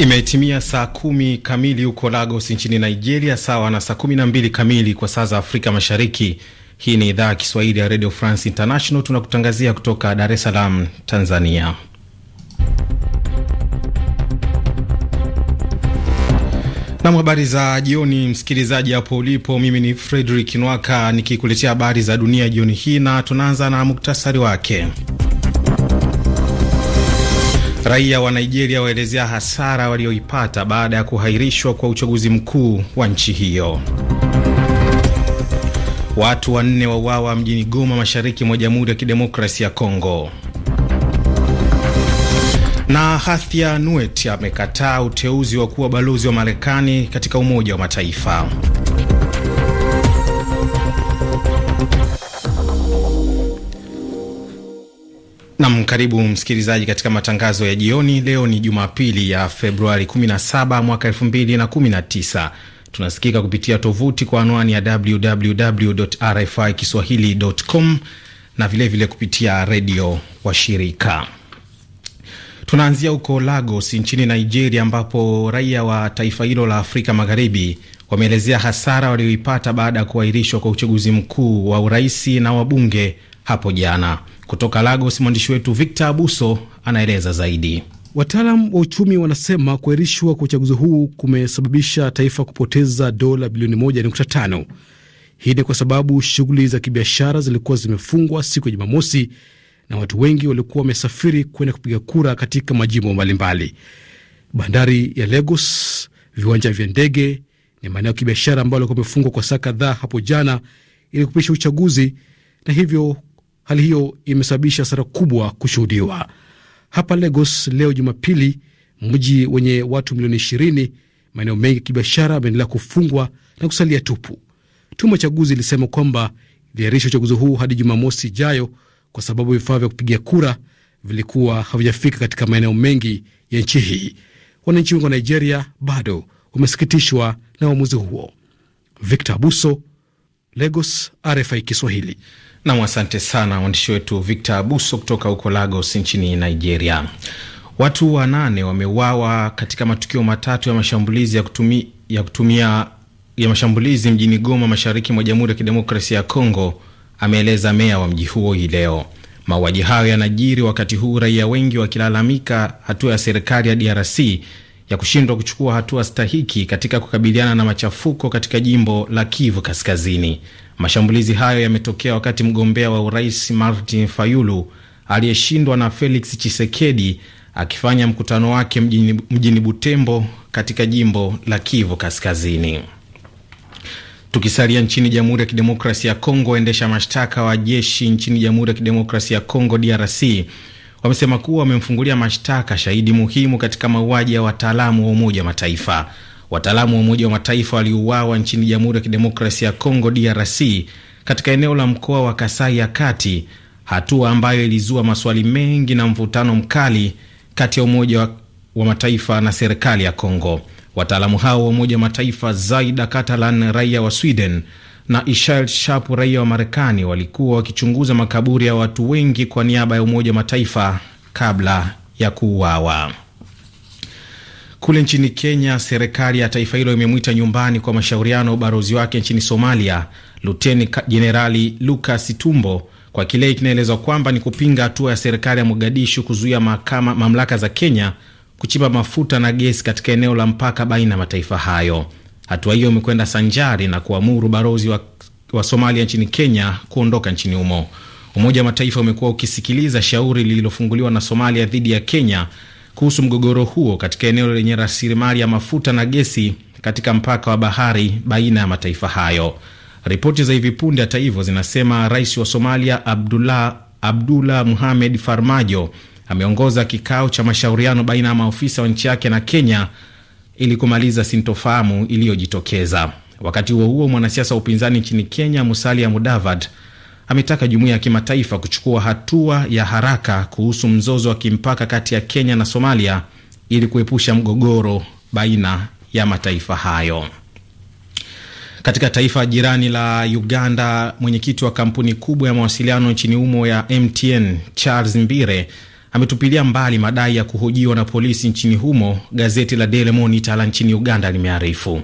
Imetimia saa kumi kamili huko Lagos nchini Nigeria, sawa na saa kumi na mbili kamili kwa saa za Afrika Mashariki. Hii ni idhaa ya Kiswahili ya Radio France International, tunakutangazia kutoka Dar es Salaam, Tanzania. Nam, habari za jioni msikilizaji hapo ulipo. Mimi ni Fredrick Nwaka nikikuletea habari za dunia jioni hii, na tunaanza na muktasari wake. Raia wa Nigeria waelezea hasara walioipata baada ya kuhairishwa kwa uchaguzi mkuu wa nchi hiyo. Watu wanne wauawa mjini Goma, mashariki mwa Jamhuri ya Kidemokrasia ya Kongo. Na Hathia Nuet amekataa uteuzi wa kuwa balozi wa Marekani katika Umoja wa Mataifa. Nam, karibu msikilizaji katika matangazo ya jioni. Leo ni Jumapili ya Februari 17 mwaka 2019. Tunasikika kupitia tovuti kwa anwani ya www RFI kiswahilicom na vilevile vile kupitia redio washirika. Tunaanzia huko Lagos nchini Nigeria, ambapo raia wa taifa hilo la Afrika Magharibi wameelezea hasara walioipata baada ya kuahirishwa kwa uchaguzi mkuu wa uraisi na wabunge hapo jana. Kutoka Lagos, mwandishi wetu Victor Abuso anaeleza zaidi. Wataalam wa uchumi wanasema kuahirishwa kwa uchaguzi huu kumesababisha taifa kupoteza dola bilioni 1.5. Hii ni kwa sababu shughuli za kibiashara zilikuwa zimefungwa siku ya Jumamosi na watu wengi walikuwa wamesafiri kwenda kupiga kura katika majimbo mbalimbali. Bandari ya Lagos, viwanja vya ndege ni maeneo ya kibiashara ambayo alikuwa amefungwa kwa saa kadhaa hapo jana ili kupisha uchaguzi na hivyo Hali hiyo imesababisha hasara kubwa kushuhudiwa hapa Lagos leo Jumapili, mji wenye watu milioni 20. Maeneo mengi ya kibiashara ameendelea kufungwa na kusalia tupu. Tume chaguzi ilisema kwamba iliahirisha uchaguzi huu hadi Jumamosi ijayo kwa sababu vifaa vya kupigia kura vilikuwa havijafika katika maeneo mengi ya nchi hii. Wananchi wengi wa Nigeria bado wamesikitishwa na uamuzi huo. Victor Abuso, Lagos, RFI Kiswahili. Nam, asante sana mwandishi wetu Victor Abuso kutoka huko Lagos nchini Nigeria. Watu wanane wameuawa katika matukio matatu ya mashambulizi ya kutumi, ya kutumia ya mashambulizi mjini Goma mashariki mwa Jamhuri ya Kidemokrasia ya Kongo, ameeleza meya wa mji huo hii leo. Mauaji hayo yanajiri wakati huu raia wengi wakilalamika hatua ya serikali ya DRC ya kushindwa kuchukua hatua stahiki katika kukabiliana na machafuko katika jimbo la Kivu Kaskazini. Mashambulizi hayo yametokea wakati mgombea wa urais Martin Fayulu aliyeshindwa na Felix Chisekedi akifanya mkutano wake mjini, mjini Butembo katika jimbo la Kivu Kaskazini. Tukisalia nchini Jamhuri ya Kidemokrasia ya Kongo, waendesha mashtaka wa jeshi nchini Jamhuri ya Kidemokrasia ya Kongo DRC wamesema kuwa wamemfungulia mashtaka shahidi muhimu katika mauaji ya wataalamu wa Umoja wa Mataifa. Wataalamu wa Umoja wa Mataifa waliouawa nchini Jamhuri ya Kidemokrasia ya Kongo, DRC, katika eneo la mkoa wa Kasai ya Kati, hatua ambayo ilizua maswali mengi na mvutano mkali kati ya Umoja wa Mataifa na serikali ya Kongo. Wataalamu hao wa Umoja wa Mataifa, Zaida Catalan, raia wa Sweden, na Ishael Sharp raia wa Marekani walikuwa wakichunguza makaburi ya watu wengi kwa niaba ya Umoja wa Mataifa kabla ya kuuawa. Kule nchini Kenya, serikali ya taifa hilo imemwita nyumbani kwa mashauriano ubalozi wake nchini Somalia, Luteni Jenerali Lucas Tumbo, kwa kile kinaelezwa kwamba ni kupinga hatua ya serikali ya Mogadishu kuzuia mamlaka za Kenya kuchimba mafuta na gesi katika eneo la mpaka baina ya mataifa hayo. Hatua hiyo imekwenda sanjari na kuamuru balozi wa, wa Somalia nchini Kenya kuondoka nchini humo. Umoja wa Mataifa umekuwa ukisikiliza shauri lililofunguliwa na Somalia dhidi ya Kenya kuhusu mgogoro huo katika eneo lenye rasilimali ya mafuta na gesi katika mpaka wa bahari baina ya mataifa hayo. Ripoti za hivi punde, hata hivyo, zinasema rais wa Somalia Abdullah, Abdullah Muhamed Farmajo ameongoza kikao cha mashauriano baina ya maofisa wa nchi yake na Kenya ili kumaliza sintofahamu iliyojitokeza. Wakati huo huo, mwanasiasa wa upinzani nchini Kenya Musalia Mudavadi ametaka jumuiya ya kimataifa kuchukua hatua ya haraka kuhusu mzozo wa kimpaka kati ya Kenya na Somalia ili kuepusha mgogoro baina ya mataifa hayo. Katika taifa jirani la Uganda, mwenyekiti wa kampuni kubwa ya mawasiliano nchini humo ya MTN Charles Mbire ametupilia mbali madai ya kuhojiwa na polisi nchini humo, gazeti la Daily Monitor la nchini Uganda limearifu.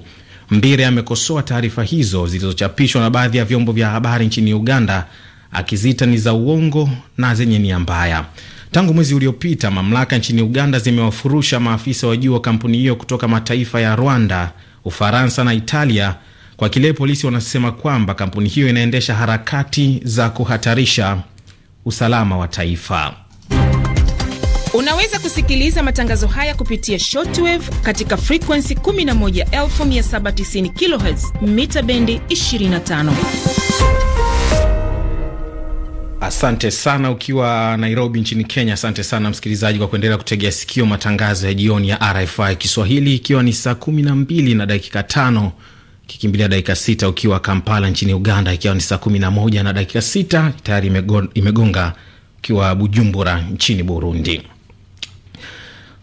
Mbire amekosoa taarifa hizo zilizochapishwa na baadhi ya vyombo vya habari nchini Uganda akizita ni za uongo na zenye nia mbaya. Tangu mwezi uliopita, mamlaka nchini Uganda zimewafurusha maafisa wa juu wa kampuni hiyo kutoka mataifa ya Rwanda, Ufaransa na Italia kwa kile polisi wanasema kwamba kampuni hiyo inaendesha harakati za kuhatarisha usalama wa taifa. Unaweza kusikiliza matangazo haya kupitia shortwave katika frequency 11790 kHz mita bendi 25. Asante sana ukiwa Nairobi nchini Kenya. Asante sana msikilizaji kwa kuendelea kutegea sikio matangazo ya jioni ya RFI Kiswahili, ikiwa ni saa 12 na dakika tano kikimbilia dakika sita ukiwa Kampala nchini Uganda, ikiwa ni saa 11 na dakika sita tayari imegonga ukiwa Bujumbura nchini Burundi.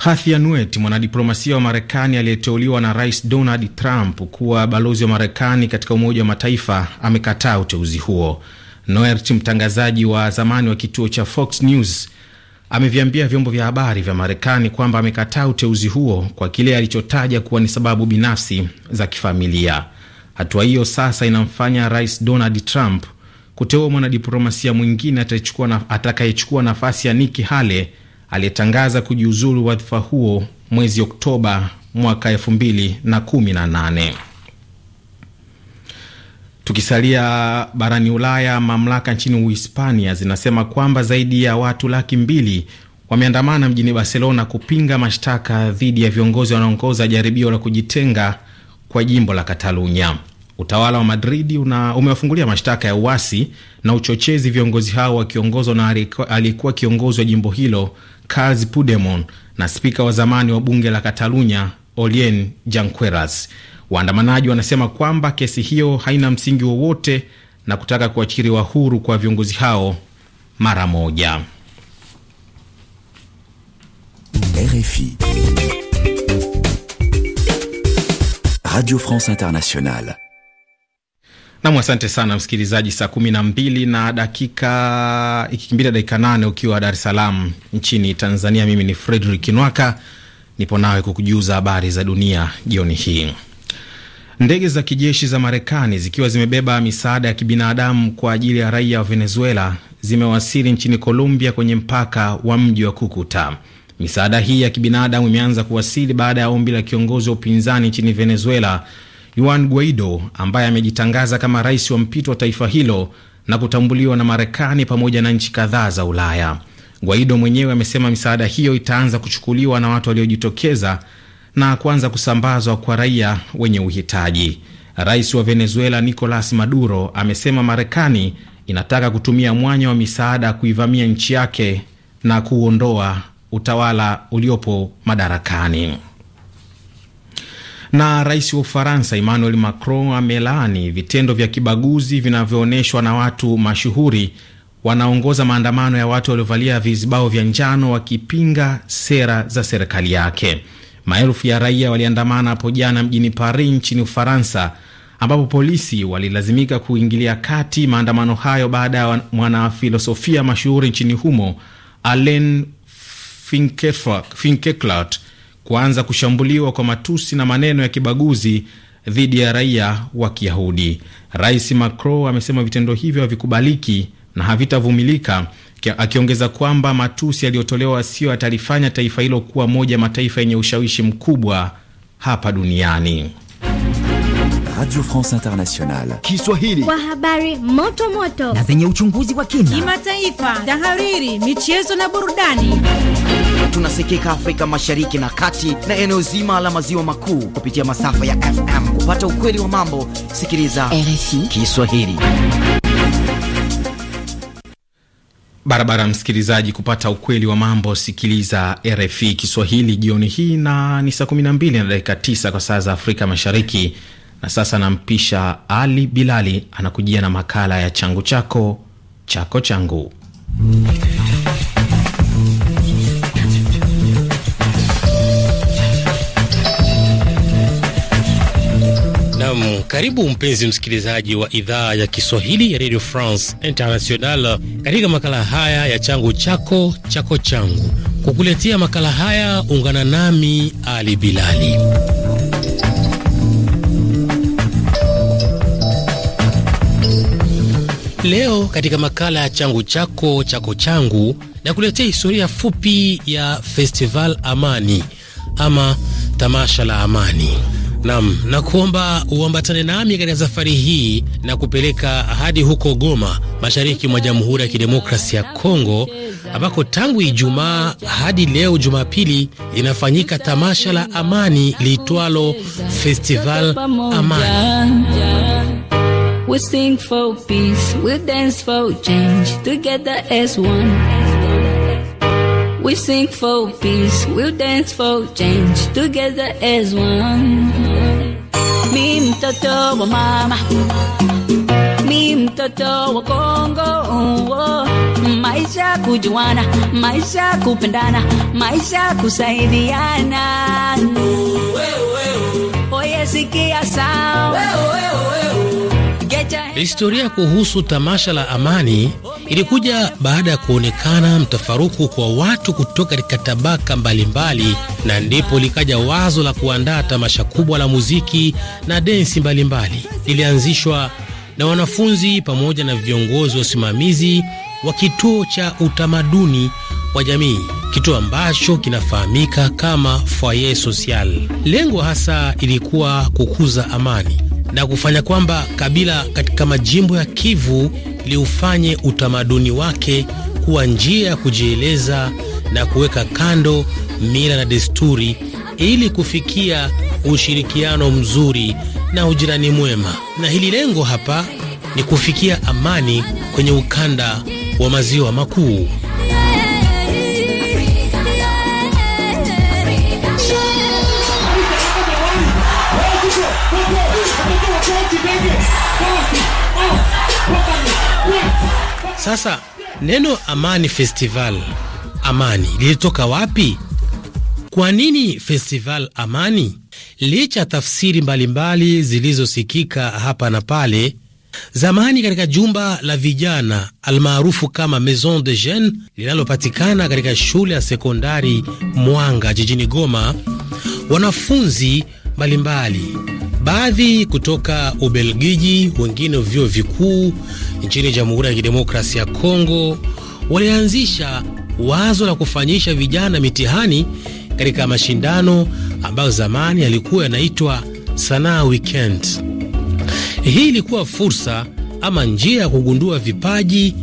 Hathia Nuet, mwanadiplomasia wa Marekani aliyeteuliwa na Rais Donald Trump kuwa balozi wa Marekani katika Umoja wa Mataifa, amekataa uteuzi huo. Noert, mtangazaji wa zamani wa kituo cha Fox News, ameviambia vyombo vya habari vya Marekani kwamba amekataa uteuzi huo kwa kile alichotaja kuwa ni sababu binafsi za kifamilia. Hatua hiyo sasa inamfanya Rais Donald Trump kuteua mwanadiplomasia mwingine atakayechukua nafasi ya Nikki Haley aliyetangaza kujiuzulu wadhifa huo mwezi Oktoba mwaka elfu mbili na kumi na nane. Tukisalia barani Ulaya, mamlaka nchini Uhispania zinasema kwamba zaidi ya watu laki mbili wameandamana mjini Barcelona kupinga mashtaka dhidi ya viongozi wanaongoza jaribio la kujitenga kwa jimbo la Katalunya. Utawala wa Madridi una umewafungulia mashtaka ya uasi na uchochezi viongozi hao wakiongozwa na aliyekuwa kiongozi wa jimbo hilo Carles Puigdemont na spika wa zamani wa bunge la Katalunya Olien Janqueras. Waandamanaji wanasema kwamba kesi hiyo haina msingi wowote na kutaka kuachiriwa huru kwa viongozi hao mara moja. RFI Radio France Internationale. Nam, asante sana msikilizaji. Saa kumi na mbili na dakika ikikimbia dakika nane ukiwa Dar es Salaam nchini Tanzania. Mimi ni Fredrik Nwaka, nipo nawe kukujuza habari za dunia jioni hii. Ndege za kijeshi za Marekani zikiwa zimebeba misaada ya kibinadamu kwa ajili ya raia wa Venezuela zimewasili nchini Colombia kwenye mpaka wa mji wa Kukuta. Misaada hii ya kibinadamu imeanza kuwasili baada ya ombi la kiongozi wa upinzani nchini Venezuela Juan Guaido ambaye amejitangaza kama rais wa mpito wa taifa hilo na kutambuliwa na Marekani pamoja na nchi kadhaa za Ulaya. Guaido mwenyewe amesema misaada hiyo itaanza kuchukuliwa na watu waliojitokeza na kuanza kusambazwa kwa raia wenye uhitaji. Rais wa Venezuela Nicolas Maduro amesema Marekani inataka kutumia mwanya wa misaada kuivamia nchi yake na kuondoa utawala uliopo madarakani. Na rais wa Ufaransa Emmanuel Macron amelaani vitendo vya kibaguzi vinavyoonyeshwa na watu mashuhuri wanaongoza maandamano ya watu waliovalia vizibao vya njano wakipinga sera za serikali yake. Maelfu ya raia waliandamana hapo jana mjini Paris nchini Ufaransa, ambapo polisi walilazimika kuingilia kati maandamano hayo baada ya mwanafilosofia mashuhuri nchini humo Alain Finkielkraut kuanza kushambuliwa kwa matusi na maneno ya kibaguzi dhidi ya raia wa Kiyahudi. Rais Macron amesema vitendo hivyo havikubaliki na havitavumilika, akiongeza kwamba matusi yaliyotolewa sio atalifanya taifa hilo kuwa moja mataifa yenye ushawishi mkubwa hapa duniani. Radio France Internationale Kiswahili, kwa habari moto moto na zenye uchunguzi wa kina, kimataifa, tahariri, michezo na burudani. Tunasikika Afrika Mashariki na Kati na eneo zima la maziwa makuu kupitia masafa ya FM. Kupata ukweli wa mambo, sikiliza RFI Kiswahili. Barabara msikilizaji, kupata ukweli wa mambo, sikiliza RFI Kiswahili jioni hii, na ni saa 12 na dakika 9 kwa saa za Afrika Mashariki. Na sasa nampisha Ali Bilali anakujia na makala ya changu chako chako changu. Karibu mpenzi msikilizaji wa idhaa ya Kiswahili ya Radio France International katika makala haya ya changu chako chako changu. Kukuletea makala haya ungana nami Ali Bilali. Leo katika makala ya changu chako chako changu nakuletea historia fupi ya Festival Amani ama tamasha la Amani. Nam na kuomba uambatane nami katika safari hii na kupeleka hadi huko Goma, mashariki mwa Jamhuri ya Kidemokrasia ya Kongo, ambako tangu Ijumaa hadi leo Jumapili inafanyika tamasha la amani liitwalo Festival Amani. We sing for peace, we dance for change, together as one. We sing for peace, we'll dance for change, together as one mi mtoto wa mama, mi mtoto wa Kongo. Oh, maisha kujuana, maisha kupendana, maisha kusaidiana. Oye, sikia sawa Historia kuhusu tamasha la Amani ilikuja baada ya kuonekana mtafaruku kwa watu kutoka katika tabaka mbalimbali, na ndipo likaja wazo la kuandaa tamasha kubwa la muziki na densi mbalimbali. Lilianzishwa na wanafunzi pamoja na viongozi wa usimamizi wa kituo cha utamaduni wa jamii, kituo ambacho kinafahamika kama Foyer Social. Lengo hasa ilikuwa kukuza amani na kufanya kwamba kabila katika majimbo ya Kivu liufanye utamaduni wake kuwa njia ya kujieleza na kuweka kando mila na desturi ili kufikia ushirikiano mzuri na ujirani mwema. Na hili lengo hapa ni kufikia amani kwenye ukanda wa maziwa makuu. Sasa neno Amani Festival, amani lilitoka wapi? Kwa nini Festival Amani? Licha ya tafsiri mbalimbali zilizosikika hapa na pale, zamani katika jumba la vijana almaarufu kama Maison de Jeune linalopatikana katika shule ya sekondari Mwanga jijini Goma, wanafunzi mbalimbali, baadhi kutoka Ubelgiji, wengine vyuo vikuu nchini Jamhuri ya Kidemokrasia ya Kongo, walianzisha wazo la kufanyisha vijana mitihani katika mashindano ambayo zamani yalikuwa yanaitwa sanaa weekend. Hii ilikuwa fursa ama njia ya kugundua vipaji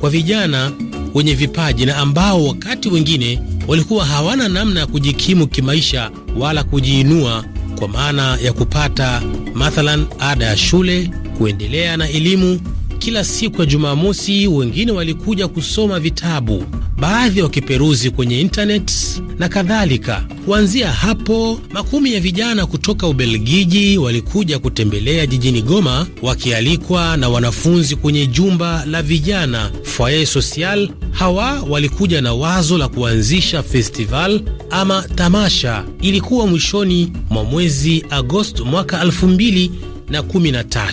kwa vijana wenye vipaji na ambao wakati wengine walikuwa hawana namna ya kujikimu kimaisha wala kujiinua kwa maana ya kupata mathalan ada ya shule, kuendelea na elimu. Kila siku ya Jumamosi wengine walikuja kusoma vitabu baadhi wakiperuzi kwenye intanet na kadhalika. Kuanzia hapo, makumi ya vijana kutoka Ubelgiji walikuja kutembelea jijini Goma, wakialikwa na wanafunzi kwenye jumba la vijana Foyer Social. Hawa walikuja na wazo la kuanzisha festival ama tamasha. Ilikuwa mwishoni mwa mwezi Agosti mwaka 2013.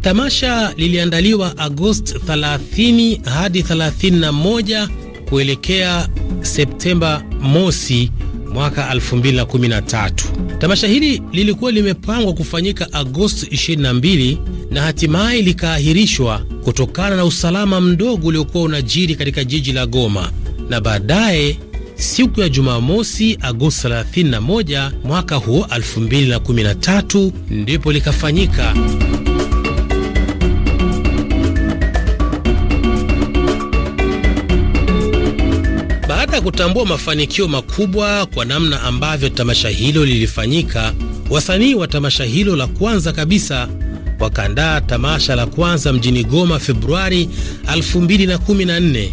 Tamasha liliandaliwa Agosti 30 hadi 31 kuelekea Septemba mosi mwaka 2013. Tamasha hili lilikuwa limepangwa kufanyika Agosti 22 na hatimaye likaahirishwa kutokana na usalama mdogo uliokuwa unajiri katika jiji la Goma na baadaye siku ya Jumamosi Agosti 31 mwaka huo 2013 ndipo likafanyika. Baada ya kutambua mafanikio makubwa kwa namna ambavyo tamasha hilo lilifanyika, wasanii wa tamasha hilo la kwanza kabisa wakaandaa tamasha la kwanza mjini Goma Februari 2014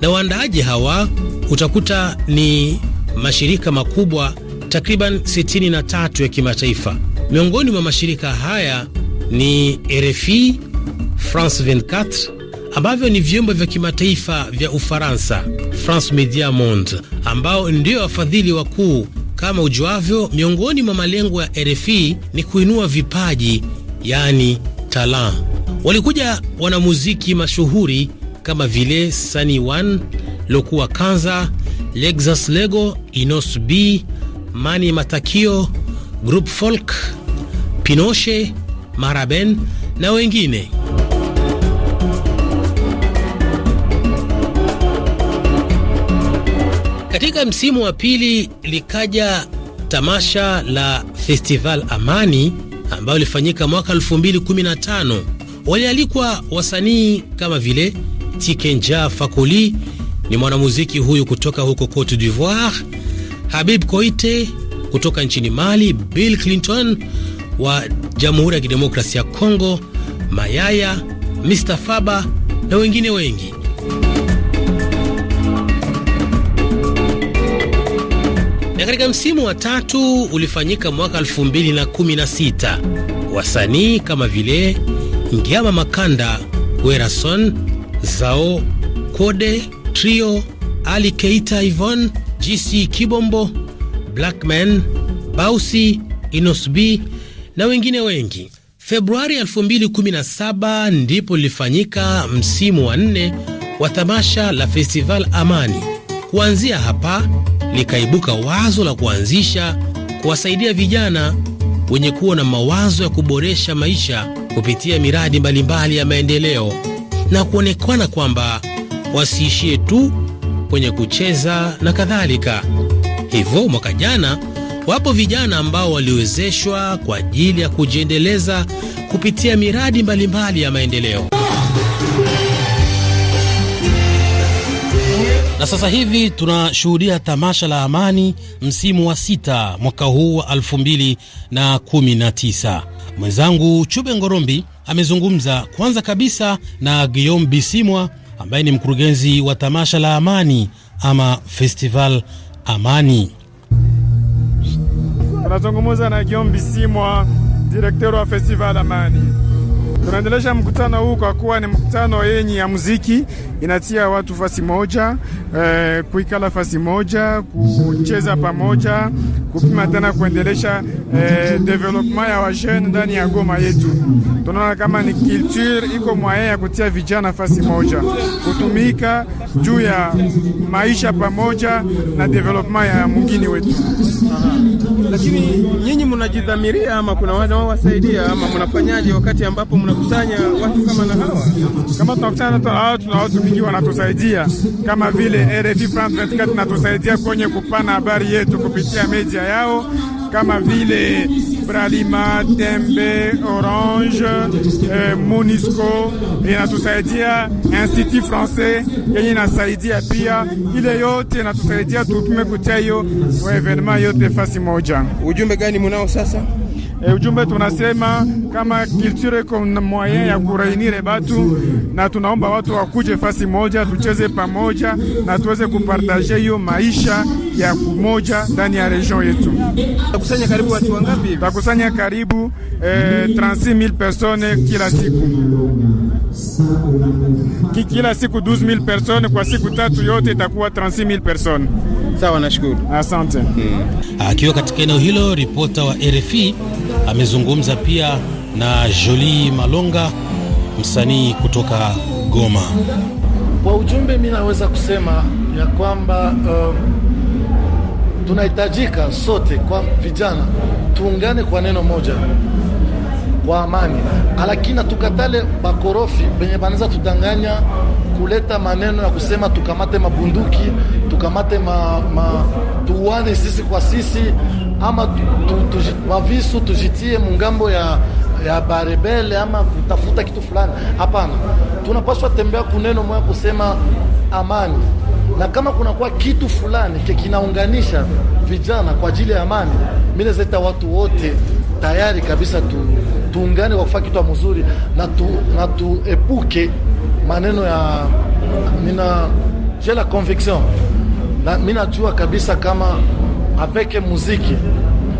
na waandaaji hawa utakuta ni mashirika makubwa takriban 63 ya kimataifa. Miongoni mwa mashirika haya ni RFI, France 24 ambavyo ni vyombo vya kimataifa vya Ufaransa, France Media Monde, ambao ndio wafadhili wakuu. Kama ujuavyo, miongoni mwa malengo ya RFI ni kuinua vipaji, yaani talent. Walikuja wanamuziki mashuhuri kama vile Sani One, Lokua Kanza, Lexus Lego, Inos B, Mani Matakio, Group Folk, Pinoshe, Maraben na wengine. Katika msimu wa pili likaja tamasha la Festival Amani ambayo ilifanyika mwaka 2015. Walialikwa wasanii kama vile Tikenja Fakoli, ni mwanamuziki huyu kutoka huko Cote d'Ivoire, Habib Koite kutoka nchini Mali, Bill Clinton wa Jamhuri ya Kidemokrasia ya Kongo, Mayaya, Mr Faba na wengine wengi. na katika msimu wa tatu ulifanyika mwaka 2016 wasanii kama vile Ngiama Makanda, Werason, Zao Kode, Trio, Ali Keita, Ivon, GC Kibombo, Blackman, Bausi, Inosbi na wengine wengi. Februari 2017 ndipo lilifanyika msimu wa nne wa tamasha la Festival Amani. Kuanzia hapa likaibuka wazo la kuanzisha kuwasaidia vijana wenye kuwa na mawazo ya kuboresha maisha kupitia miradi mbalimbali ya maendeleo na kuonekana kwamba wasiishie tu kwenye kucheza na kadhalika. Hivyo mwaka jana, wapo vijana ambao waliwezeshwa kwa ajili ya kujiendeleza kupitia miradi mbalimbali ya maendeleo. Na sasa hivi tunashuhudia tamasha la amani msimu wa sita mwaka huu wa 2019. Mwenzangu Chube Ngorombi amezungumza kwanza kabisa na Guillaume Bisimwa ambaye ni mkurugenzi wa tamasha la amani ama Festival Amani. Tunazungumza na Guillaume Bisimwa, direkteur wa Festival Amani. Tunaendelesha mkutano huu kwa kuwa ni mkutano yenye ya muziki, inatia watu fasi moja eh, kuikala fasi moja, kucheza pamoja, kupima tena kuendelesha eh, development ya wajene ndani ya Goma yetu. Tunaona kama ni culture iko mwaye ya kutia vijana fasi moja, kutumika juu ya maisha pamoja na development ya mgini wetu. Lakini nyinyi mnajidhamiria ama kuna wao wasaidia ama mnafanyaje wakati ambapo muna tunakusanya watu kama na hawa, kama tunakutana watu hawa, tuna watu vingi wanatusaidia, kama vile RFI France 24 tunatusaidia kwenye kupana habari yetu kupitia media yao kama vile Bralima, Tembe, Orange, eh, Monisco inatusaidia, Institut Francais yenye inasaidia pia, ile yote inatusaidia tutume kutia hiyo evenema eh, yote fasi moja. Ujumbe gani munao sasa? E, ujumbe tunasema kama kulture iko moyen ya kurainire batu, na tunaomba watu wakuje fasi moja, tucheze pamoja na tuweze kupartaje hiyo maisha ya kumoja ndani ya region yetu. Takusanya karibu watu wangapi? Takusanya karibu eh, 36000 personnes kila siku kila siku 12000 personnes kwa siku tatu yote itakuwa 36000 personnes. Sawa, nashukuru. Asante. Hmm. Akiwa katika eneo hilo, ripota wa RFI Amezungumza pia na Jolie Malonga, msanii kutoka Goma. Kwa ujumbe, mi naweza kusema ya kwamba um, tunahitajika sote kwa vijana tuungane kwa neno moja kwa amani, lakini tukatale bakorofi benye banaweza tudanganya kuleta maneno ya kusema tukamate mabunduki tukamate ma, ma, tuwane sisi kwa sisi ama wavisu tujitie mungambo ya ya barebele ama kutafuta kitu fulani. Hapana, tunapaswa tembea kuneno moya kusema amani, na kama kunakuwa kitu fulani kinaunganisha vijana kwa ajili ya amani, mimi nazeta watu wote tayari kabisa tu, tuungane kwa kufanya kitu mzuri na, tu, na tuepuke maneno ya nina jela conviction na mimi najua kabisa kama avec muziki.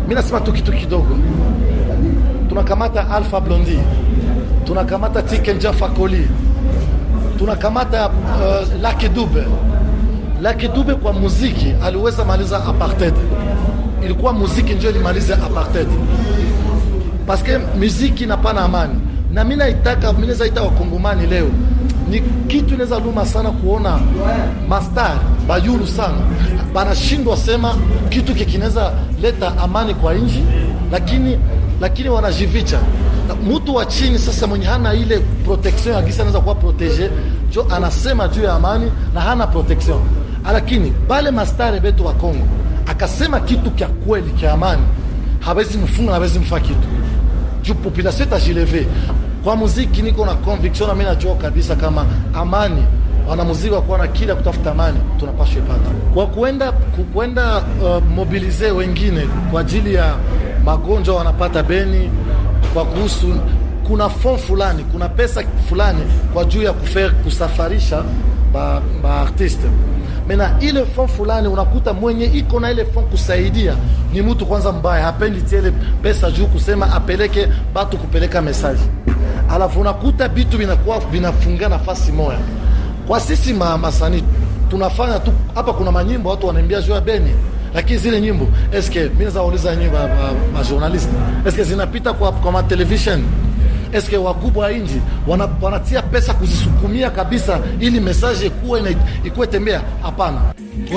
Mimi nasema tu kitu kidogo, tunakamata Alpha Blondy, tunakamata Tikenja Fakoli, tunakamata uh, Lucky Dube. Lucky Dube kwa muziki aliweza maliza apartheid, ilikuwa muziki ndio ilimaliza apartheid, paske muziki napana amani na mimi naitaka mimi naita wakongomani leo, ni kitu inaweza luma sana kuona mastari bayulu sana, banashindwa sema kitu kikinaweza leta amani kwa nchi, lakini lakini wanajivicha mtu wa chini sasa, mwenye hana ile protection ya gisa anaweza kuwa protege jo, anasema juu ya amani na hana protection. Lakini bale mastare betu wa Kongo akasema kitu kya kweli kya amani, hawezi mfunga, hawezi mfa kitu juu population itajileve. Kwa muziki niko na conviction na mimi najua kabisa kama amani wanamuziki wakuwa na kila kutafuta mali tunapaswa ipata kwa kuenda kuenda uh, mobilize wengine kwa ajili ya magonjwa wanapata beni kwa kuhusu kuna fon fulani, kuna pesa fulani kwa juu ya kufer, kusafarisha ba, ba artiste mena ile fond fulani, unakuta mwenye iko na ile fond kusaidia ni mtu kwanza mbaya, hapendi tele pesa juu kusema apeleke batu kupeleka mesaji, alafu unakuta bitu vinakuwa vinafunga nafasi moya kwa sisi mahamasani tunafanya tu hapa. Kuna manyimbo watu wanaimbia juu ya Beni, lakini zile nyimbo eske mimi nawauliza nyimbo majournalist eske zinapita kwa, kwa ma eske wakubwa inji wana, wanatia pesa kuzisukumia kabisa ili mesaje na ikuwe tembea? Hapana.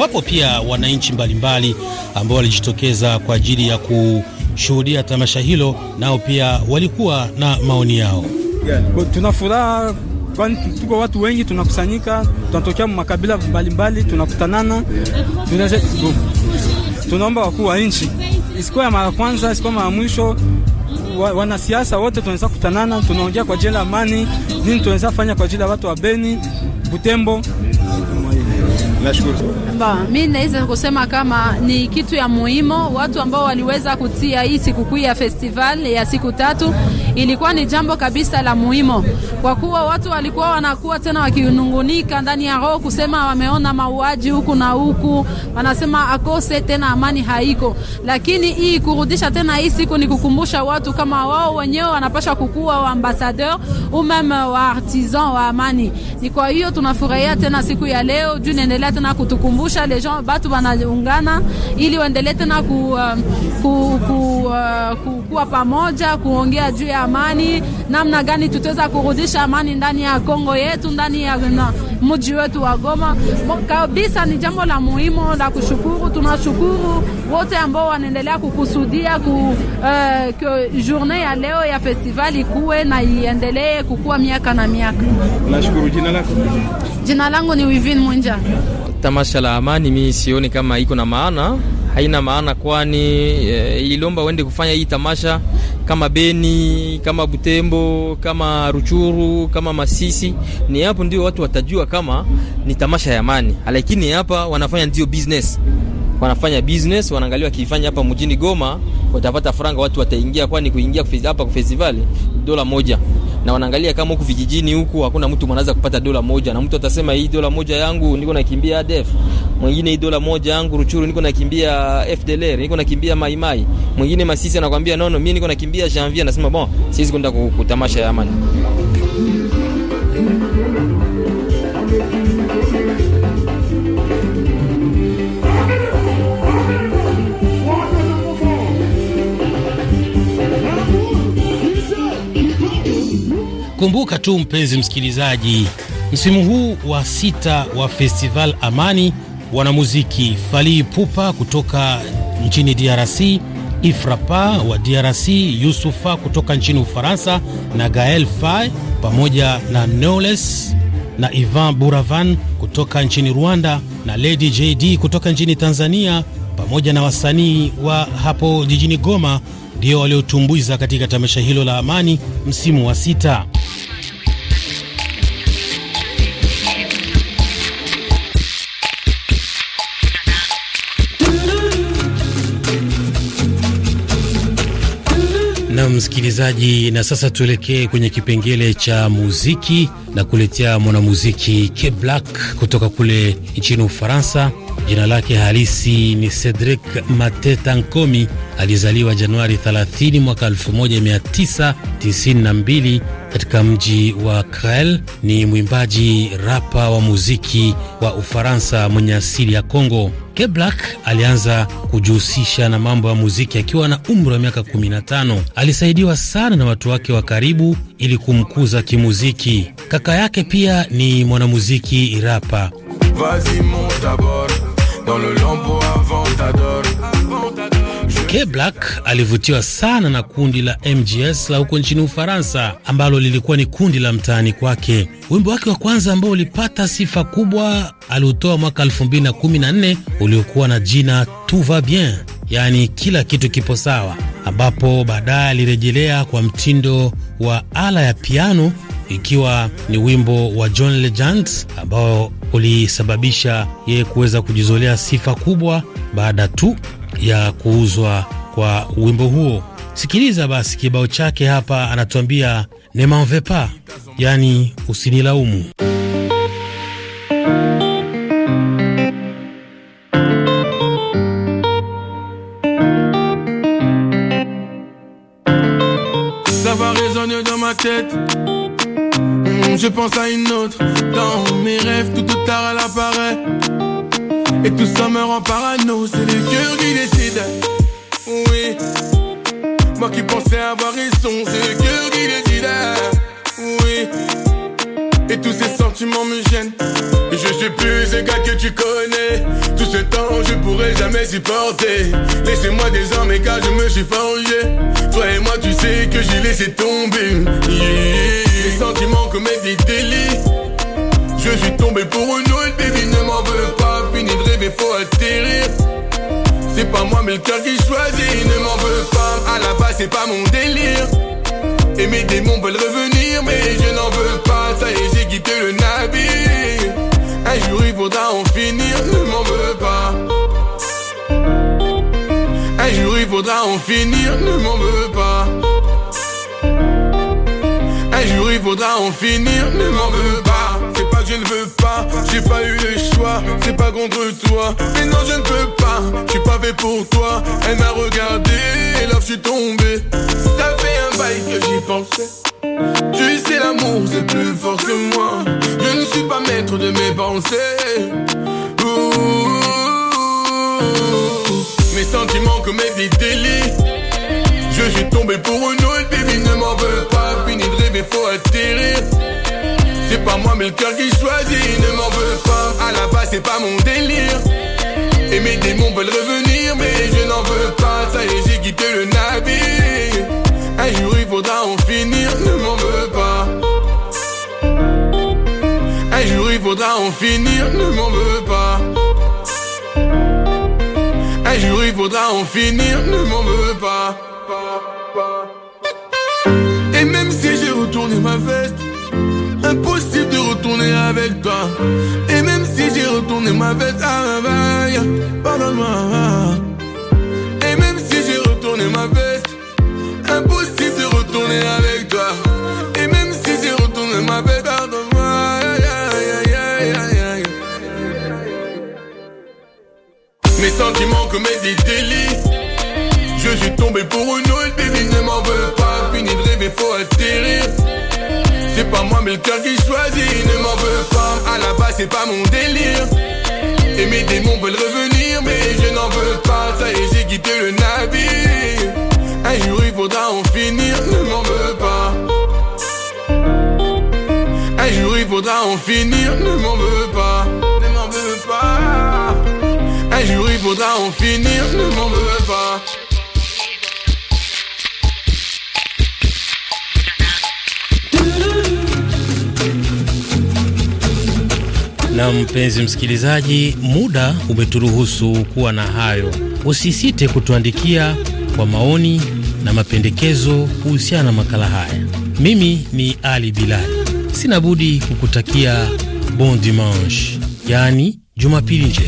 Wapo pia wananchi mbalimbali ambao walijitokeza kwa ajili ya kushuhudia tamasha hilo, nao pia walikuwa na maoni yao. Yeah, tuna furaha kwani tuko watu wengi, tunakusanyika, tunatokea makabila mbalimbali, tunakutanana, tunaomba wakuu wa nchi, isikuwa ya mara kwanza, isikuwa mara mwisho wanasiasa wote tunaweza kutanana, tunaongea kwa ajili ya amani, nini tunaweza fanya kwa ajili ya watu wa Beni, Butembo. Nashukuru. mi naweza kusema kama ni kitu ya muhimu watu ambao waliweza kutia hii sikukuu ya festival ya siku tatu ilikuwa ni jambo kabisa la muhimu, kwa kuwa watu walikuwa wanakuwa tena wakinungunika ndani ya roho kusema wameona mauaji huku na huku, wanasema akose tena amani haiko. Lakini hii kurudisha tena hii siku ni kukumbusha watu kama wao wenyewe wanapasha kukuwa wa ambassadeur au meme wa artisan wa amani. Ni kwa hiyo tunafurahia tena siku ya leo juu inaendelea tena kutukumbusha les gens batu wanaungana ili waendelee tena ku, um, ku, ku, uh, ku, kuwa pamoja kuongea juu ya amani, namna gani tutaweza kurudisha amani ndani ya Kongo yetu, ndani ya mji wetu wa Goma. Kabisa ni jambo la muhimu la kushukuru. Tunashukuru wote ambao wanaendelea kukusudia ku, uh, journée ya leo ya festivali kuwe na iendelee kukua miaka na miaka. Nashukuru. Jina lako? Jina langu ni Wivin Mwinja. Tamasha la amani, mimi sioni kama iko na maana haina maana, kwani e, iliomba wende kufanya hii tamasha kama Beni, kama Butembo, kama Ruchuru, kama Masisi. Ni hapo ndio watu watajua kama ni tamasha ya amani, lakini hapa wanafanya ndio business wanafanya business, wanaangalia wakifanya hapa mjini Goma watapata franga, watu wataingia, kwani kuingia hapa kwa festival dola moja na wanaangalia kama huku vijijini huku hakuna mtu mwanaweza kupata dola moja, na mtu atasema hii dola moja yangu niko nakimbia ADF, mwingine hii dola moja yangu Ruchuru niko nakimbia FDLR, niko nakimbia Mai Mai, mwingine Masisi anakuambia nono, mimi niko nakimbia Janvier, anasema bon, siwezi kwenda kutamasha ya amani. Kumbuka tu mpenzi msikilizaji, msimu huu wa sita wa Festival Amani, wanamuziki fali pupa kutoka nchini DRC, Ifrapa wa DRC, Yusufa kutoka nchini Ufaransa na Gael Faye pamoja na noles na Ivan Buravan kutoka nchini Rwanda na Lady JD kutoka nchini Tanzania pamoja na wasanii wa hapo jijini Goma ndio waliotumbuiza katika tamasha hilo la amani msimu wa sita. na msikilizaji, na sasa tuelekee kwenye kipengele cha muziki na kuletea mwanamuziki K Black kutoka kule nchini Ufaransa. Jina lake halisi ni Cedric Mateta Nkomi. Alizaliwa Januari 30 mwaka 1992 katika mji wa crel Ni mwimbaji rapa wa muziki wa Ufaransa mwenye asili ya Kongo keblak alianza kujihusisha na mambo ya muziki akiwa na umri wa miaka 15. Alisaidiwa sana na watu wake wa karibu ili kumkuza kimuziki. Kaka yake pia ni mwanamuziki rapa. K Black alivutiwa sana na kundi la MGS la huko nchini Ufaransa, ambalo lilikuwa ni kundi la mtaani kwake. Wimbo wake wa kwanza ambao ulipata sifa kubwa aliutoa mwaka 2014 uliokuwa na jina Tout va bien, yaani kila kitu kipo sawa, ambapo baadaye alirejelea kwa mtindo wa ala ya piano ikiwa ni wimbo wa John Legend ambao ulisababisha yeye kuweza kujizolea sifa kubwa baada tu ya kuuzwa kwa wimbo huo. Sikiliza basi kibao chake hapa, anatuambia ne m'en veux pas, yaani usinilaumu. Hmm, je pense à une autre dans mes rêves, tout toute tard elle apparaît Et tout ça me rend parano, c'est le cœur qui décide. Oui, moi qui pensais avoir raison, c'est le cœur qui décide. Oui, et tous ces sentiments me gênent. Et je suis plus ce que tu connais. Tout ce temps, je pourrais jamais supporter. Laissez-moi désormais car je me suis forgé. Toi et moi, tu sais que j'ai laissé tomber. Les sentiments commettent des délits. Je suis tombé pour une autre c'est pas moi mais le cœur qui choisit, ne m'en veux pas, à la base c'est pas mon délire. Et mes démons veulent revenir, mais je n'en veux pas, ça y est, j'ai quitté le navire. Un jour il faudra en finir, ne m'en veux pas. Un jour il faudra en finir, ne m'en veux pas. Un jour il faudra en finir, ne m'en veux pas je ne veux pas, j'ai pas eu le choix, c'est pas contre toi Mais non je ne peux pas, je suis pas fait pour toi Elle m'a regardé et là je suis tombé Ça fait un bail que j'y pensais Tu sais l'amour c'est plus fort que moi Je ne suis pas maître de mes pensées Mes sentiments comme des délits Je suis tombé pour une autre baby ne m'en veux pas Fini de rêver faut atterrir c'est pas moi mais le cœur qui choisit, ne m'en veux pas. À la base c'est pas mon délire. Et mes démons veulent revenir, mais je n'en veux pas. Ça y est, j'ai quitté le navire. Un jour il faudra en finir, ne m'en veux pas. Un jour il faudra en finir, ne m'en veux pas. Un jour il faudra en finir, ne m'en veux pas. Et même si j'ai retourné ma veste Impossible de retourner avec toi. Et même si j'ai retourné ma veste à la pardonne-moi. Et même si j'ai retourné ma veste, impossible de retourner avec toi. Et même si j'ai retourné ma veste, pardonne-moi. Mes sentiments comme des délits. Je suis tombé pour une autre, baby, ne m'en veux pas. Fini de rêver, faut être c'est pas moi mais le cœur qui choisit Ne m'en veux pas, à la base c'est pas mon délire Et mes démons veulent revenir Mais je n'en veux pas, ça y est j'ai quitté le navire Un jour il faudra en finir Ne m'en veux pas Un jour il faudra en finir Ne m'en veux pas Ne m'en veux pas Un jour il faudra en finir Ne m'en veux pas Na mpenzi msikilizaji, muda umeturuhusu kuwa na hayo. Usisite kutuandikia kwa maoni na mapendekezo kuhusiana na makala haya. Mimi ni Ali Bilali, sina budi kukutakia bon dimanche, yaani Jumapili njema.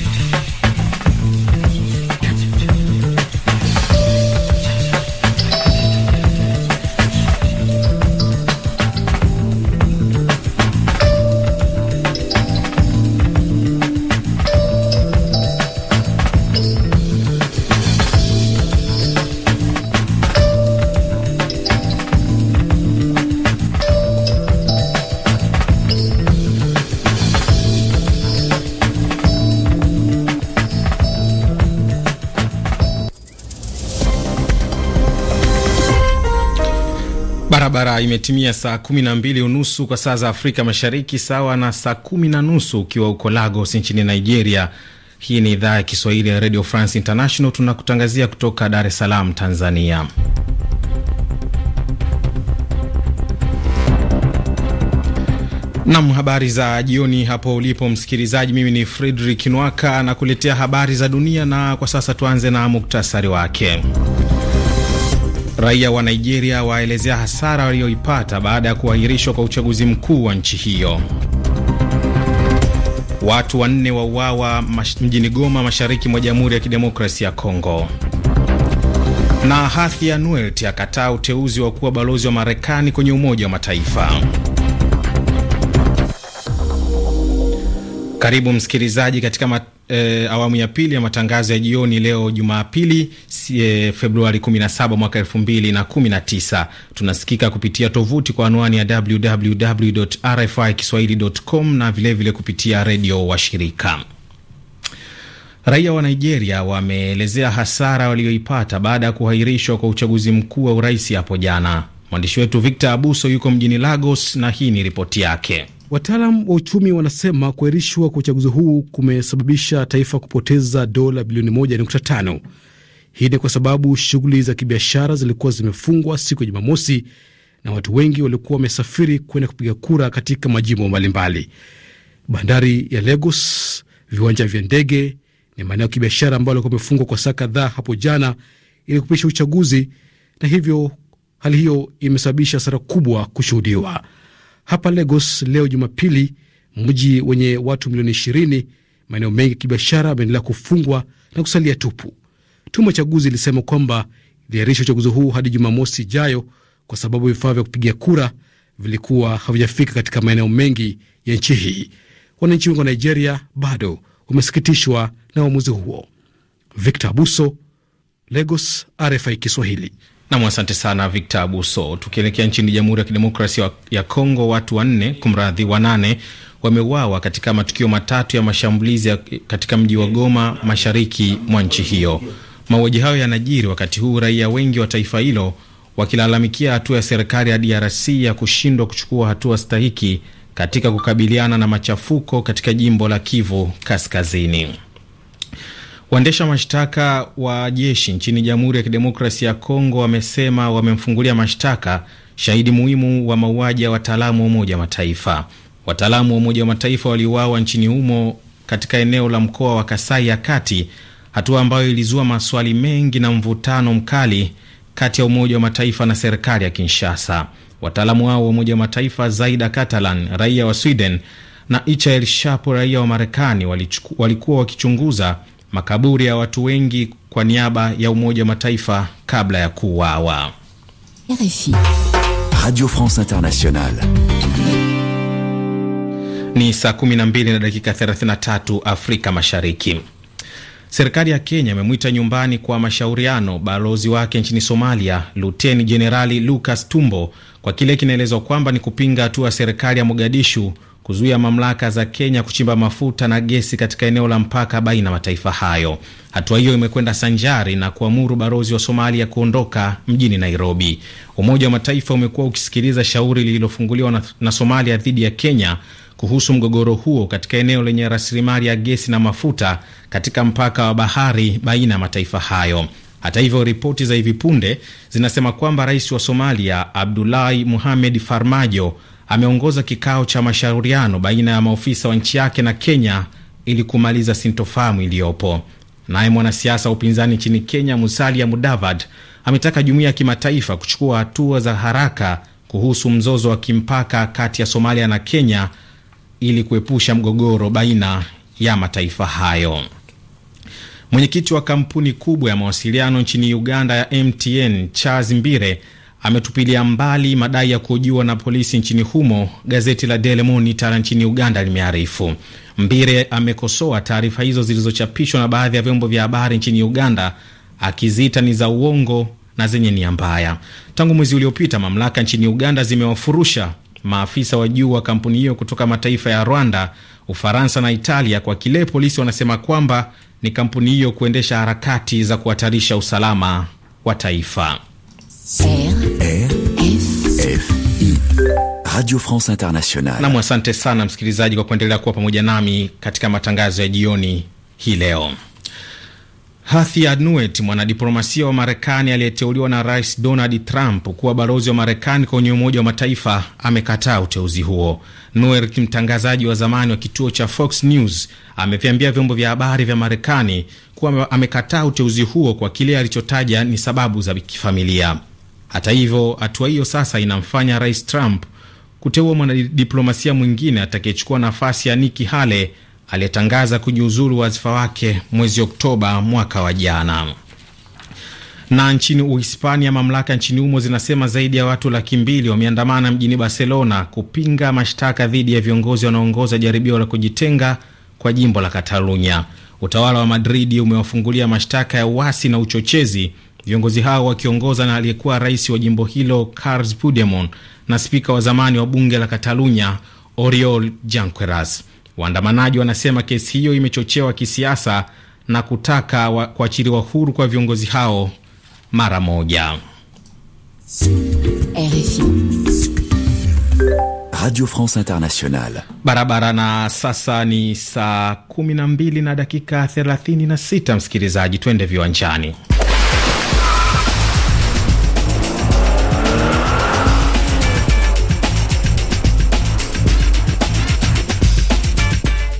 imetimia saa kumi na mbili unusu kwa saa za Afrika Mashariki, sawa na saa kumi na nusu ukiwa uko Lagos nchini Nigeria. Hii ni idhaa ya Kiswahili ya Radio France International, tunakutangazia kutoka Dar es Salaam, Tanzania. Nam, habari za jioni hapo ulipo msikilizaji. Mimi ni Fredrik Nwaka, nakuletea habari za dunia, na kwa sasa tuanze na muktasari wake. Raia wa Nigeria waelezea hasara walioipata baada ya kuahirishwa kwa uchaguzi mkuu wa nchi hiyo. Watu wanne wauawa mjini Goma, mashariki mwa Jamhuri ya Kidemokrasia ya Kongo. Na Hathia Nuet akataa uteuzi wa kuwa balozi wa Marekani kwenye Umoja wa Mataifa. Karibu msikilizaji katika mat, e, awamu ya pili ya matangazo ya jioni leo Jumapili e, Februari 17 mwaka 2019. Tunasikika kupitia tovuti kwa anwani ya kiswahilicom na vilevile vile kupitia redio wa shirika Raia wa Nigeria wameelezea hasara walioipata baada ya kuhairishwa kwa uchaguzi mkuu wa urais hapo jana. Mwandishi wetu Victor Abuso yuko mjini Lagos na hii ni ripoti yake. Wataalam wa uchumi wanasema kuahirishwa kwa uchaguzi huu kumesababisha taifa kupoteza dola bilioni 1.5. Hii ni kwa sababu shughuli za kibiashara zilikuwa zimefungwa siku ya Jumamosi na watu wengi walikuwa wamesafiri kwenda kupiga kura katika majimbo mbalimbali. Bandari ya Lagos, viwanja vya ndege ni maeneo ya kibiashara ambayo alikuwa amefungwa kwa saa kadhaa hapo jana ili kupisha uchaguzi, na hivyo hali hiyo imesababisha hasara kubwa kushuhudiwa. Hapa Lagos leo Jumapili, mji wenye watu milioni 20, maeneo mengi ya kibiashara ameendelea kufungwa na kusalia tupu. Tume ya uchaguzi ilisema kwamba iliahirisha uchaguzi huu hadi Jumamosi ijayo kwa sababu vifaa vya kupigia kura vilikuwa havijafika katika maeneo mengi ya nchi hii. Wananchi wengi wa Nigeria bado wamesikitishwa na uamuzi huo. Victor Abuso, Lagos, RFI Kiswahili. Nam, asante sana Victor Abuso. Tukielekea nchini Jamhuri ya Kidemokrasia ya Kongo, watu wanne kumradhi, wanane wameuawa katika matukio matatu ya mashambulizi katika mji wa Goma, mashariki mwa nchi hiyo. Mauaji hayo yanajiri wakati huu raia wengi wa taifa hilo wakilalamikia hatua ya serikali ya DRC ya kushindwa kuchukua hatua stahiki katika kukabiliana na machafuko katika jimbo la Kivu Kaskazini. Waendesha mashtaka wa jeshi nchini Jamhuri ya Kidemokrasia ya Kongo wamesema wamemfungulia mashtaka shahidi muhimu wa mauaji ya wataalamu wa Umoja wa Mataifa. Wataalamu wa Umoja wa Mataifa waliuawa nchini humo katika eneo la mkoa wa Kasai ya Kati, hatua ambayo ilizua maswali mengi na mvutano mkali kati ya Umoja wa Mataifa na serikali ya Kinshasa. Wataalamu hao wa Umoja wa Mataifa, Zaida Catalan, raia wa Sweden, na Ichael Shapo, raia wa Marekani, walikuwa wakichunguza makaburi ya watu wengi kwa niaba ya Umoja wa Mataifa kabla ya kuuawa. Radio France Internationale. Ni saa 12 na dakika 33 Afrika Mashariki. Serikali ya Kenya imemwita nyumbani kwa mashauriano balozi wake nchini Somalia, Luteni Jenerali Lucas Tumbo, kwa kile kinaelezwa kwamba ni kupinga hatua ya serikali ya Mogadishu kuzuia mamlaka za Kenya kuchimba mafuta na gesi katika eneo la mpaka baina mataifa hayo. Hatua hiyo imekwenda sanjari na kuamuru balozi wa Somalia kuondoka mjini Nairobi. Umoja wa Mataifa umekuwa ukisikiliza shauri lililofunguliwa na, na Somalia dhidi ya Kenya kuhusu mgogoro huo katika eneo lenye rasilimali ya gesi na mafuta katika mpaka wa bahari baina ya mataifa hayo. Hata hivyo, ripoti za hivi punde zinasema kwamba rais wa Somalia Abdullahi muhamed Farmajo ameongoza kikao cha mashauriano baina ya maofisa wa nchi yake na Kenya ili kumaliza sintofahamu iliyopo. Naye mwanasiasa wa upinzani nchini Kenya, Musalia Mudavadi, ametaka jumuiya ya kimataifa kuchukua hatua za haraka kuhusu mzozo wa kimpaka kati ya Somalia na Kenya ili kuepusha mgogoro baina ya mataifa hayo. Mwenyekiti wa kampuni kubwa ya mawasiliano nchini Uganda ya MTN Charles Mbire ametupilia mbali madai ya kuhojiwa na polisi nchini humo, gazeti la Daily Monitor nchini Uganda limearifu. Mbire amekosoa taarifa hizo zilizochapishwa na baadhi ya vyombo vya habari nchini Uganda akiziita ni za uongo na zenye nia mbaya. Tangu mwezi uliopita, mamlaka nchini Uganda zimewafurusha maafisa wa juu wa kampuni hiyo kutoka mataifa ya Rwanda, Ufaransa na Italia kwa kile polisi wanasema kwamba ni kampuni hiyo kuendesha harakati za kuhatarisha usalama wa taifa Sir. Radio France Internationale. Nam, asante sana msikilizaji kwa kuendelea kuwa pamoja nami katika matangazo ya jioni hii leo. Hathi Nuet, mwanadiplomasia wa Marekani aliyeteuliwa na Rais Donald Trump kuwa balozi wa Marekani kwenye Umoja wa Mataifa amekataa uteuzi huo. Nuet, mtangazaji wa zamani wa kituo cha Fox News, ameviambia vyombo vya habari vya Marekani kuwa amekataa uteuzi huo kwa kile alichotaja ni sababu za kifamilia. Hata hivyo, hatua hiyo sasa inamfanya Rais Trump kuteua mwanadiplomasia mwingine atakayechukua nafasi ya Nikki Haley aliyetangaza kujiuzuru wadhifa wake mwezi Oktoba mwaka wa jana. Na nchini Uhispania, mamlaka nchini humo zinasema zaidi ya watu laki mbili wameandamana mjini Barcelona kupinga mashtaka dhidi ya viongozi wanaoongoza jaribio la kujitenga kwa jimbo la Katalunya. Utawala wa Madridi umewafungulia mashtaka ya uasi na uchochezi Viongozi hao wakiongoza na aliyekuwa rais wa jimbo hilo Carles Puigdemont na spika wa zamani wa bunge la Katalunya Oriol Junqueras. Waandamanaji wanasema kesi hiyo imechochewa kisiasa na kutaka kuachiliwa huru kwa viongozi hao mara moja. Radio France Internationale. Barabara na sasa ni saa 12 na dakika 36, msikilizaji, twende viwanjani.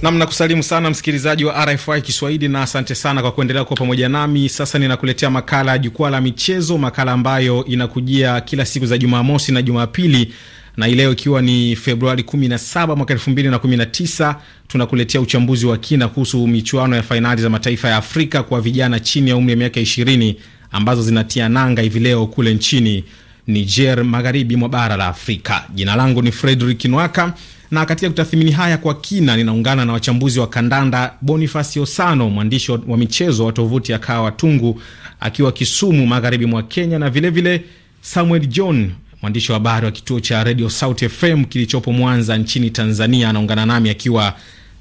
Nam, nakusalimu sana msikilizaji wa RFI Kiswahili na asante sana kwa kuendelea kuwa pamoja nami. Sasa ninakuletea makala ya jukwaa la michezo, makala ambayo inakujia kila siku za Jumamosi na Jumapili, na ileo ikiwa ni Februari 17 mwaka 2019, tunakuletea uchambuzi wa kina kuhusu michuano ya fainali za mataifa ya Afrika kwa vijana chini ya umri wa miaka 20 ambazo zinatia nanga hivi leo kule nchini Niger, magharibi mwa bara la Afrika. Jina langu ni Fredrick Nwaka. Na katika kutathimini haya kwa kina, ninaungana na wachambuzi wa kandanda Boniface Osano, mwandishi wa michezo wa tovuti ya Kawa Tungu akiwa Kisumu, magharibi mwa Kenya, na vilevile vile Samuel John, mwandishi wa habari wa kituo cha Radio Sauti FM kilichopo Mwanza nchini Tanzania, anaungana nami akiwa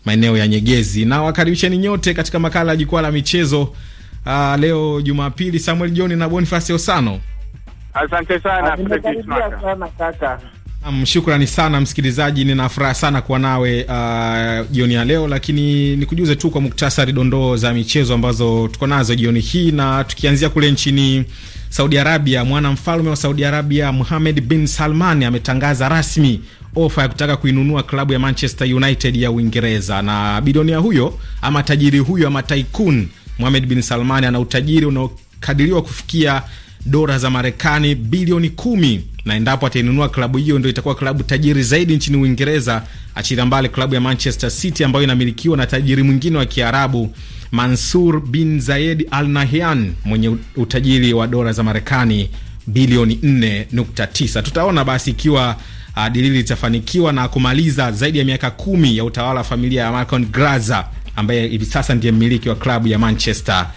maeneo ya Nyegezi. Na wakaribisheni nyote katika makala ya jukwaa la michezo Uh, leo Jumapili, Samuel John na Boniface Osano, asante sana. Um, shukrani sana msikilizaji, nina furaha sana kuwa nawe uh, jioni uh, ya leo, lakini nikujuze tu kwa muktasari dondoo za michezo ambazo tuko nazo jioni hii, na tukianzia kule nchini Saudi Arabia, mwana mfalme wa Saudi Arabia Mohammed bin Salman ametangaza rasmi ofa ya kutaka kuinunua klabu ya Manchester United ya Uingereza, na bilionia huyo ama tajiri huyo ama tycoon Mohammed bin Salman ana utajiri unaokadiriwa kufikia dola za Marekani bilioni kumi na endapo atainunua klabu hiyo ndio itakuwa klabu tajiri zaidi nchini Uingereza, achilia mbali klabu ya Manchester City ambayo inamilikiwa na tajiri mwingine wa Kiarabu Mansur bin Zayed Al Nahyan mwenye utajiri wa dola za Marekani bilioni 4.9. Tutaona basi ikiwa uh, ah, dilili litafanikiwa na kumaliza zaidi ya miaka kumi ya utawala wa familia ya Malcolm Glazer ambaye hivi sasa ndiye mmiliki wa klabu ya Manchester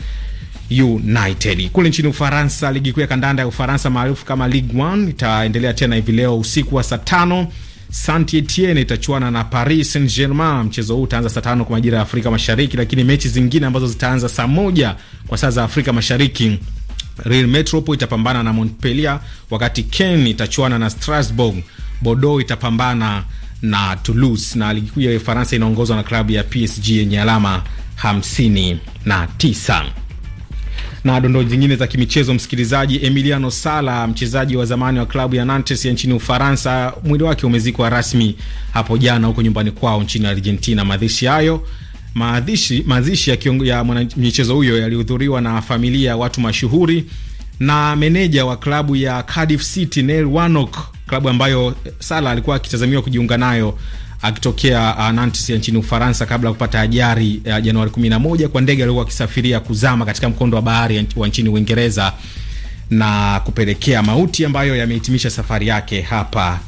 United. Kule nchini Ufaransa, ligi kuu ya kandanda ya Ufaransa maarufu kama Ligue 1 itaendelea tena hivi leo usiku wa saa tano. Saint Etienne itachuana na Paris Saint Germain. Mchezo huu utaanza saa tano kwa majira ya Afrika Mashariki, lakini mechi zingine ambazo zitaanza saa moja kwa saa za Afrika Mashariki, Real Metropole itapambana na Montpellier, wakati Ken itachuana na Strasbourg, Bordeaux itapambana na Toulouse, na ligi kuu ya Ufaransa inaongozwa na klabu ya PSG yenye alama 59. Na dondoo zingine za kimichezo, msikilizaji, Emiliano Sala, mchezaji wa zamani wa klabu ya Nantes ya nchini Ufaransa, mwili wake umezikwa rasmi hapo jana huko nyumbani kwao nchini Argentina. Mazishi hayo mazishi mazishi ya, ya mwanamichezo huyo yalihudhuriwa na familia ya watu mashuhuri na meneja wa klabu ya Cardiff City Neil Warnock, klabu ambayo Sala alikuwa akitazamiwa kujiunga nayo akitokea uh, Nantes nchini Ufaransa kabla ya kupata ajali uh, Januari 11 kwa ndege aliyokuwa akisafiria kuzama katika mkondo wa bahari wa nchini Uingereza na kupelekea mauti ambayo yamehitimisha safari yake hapa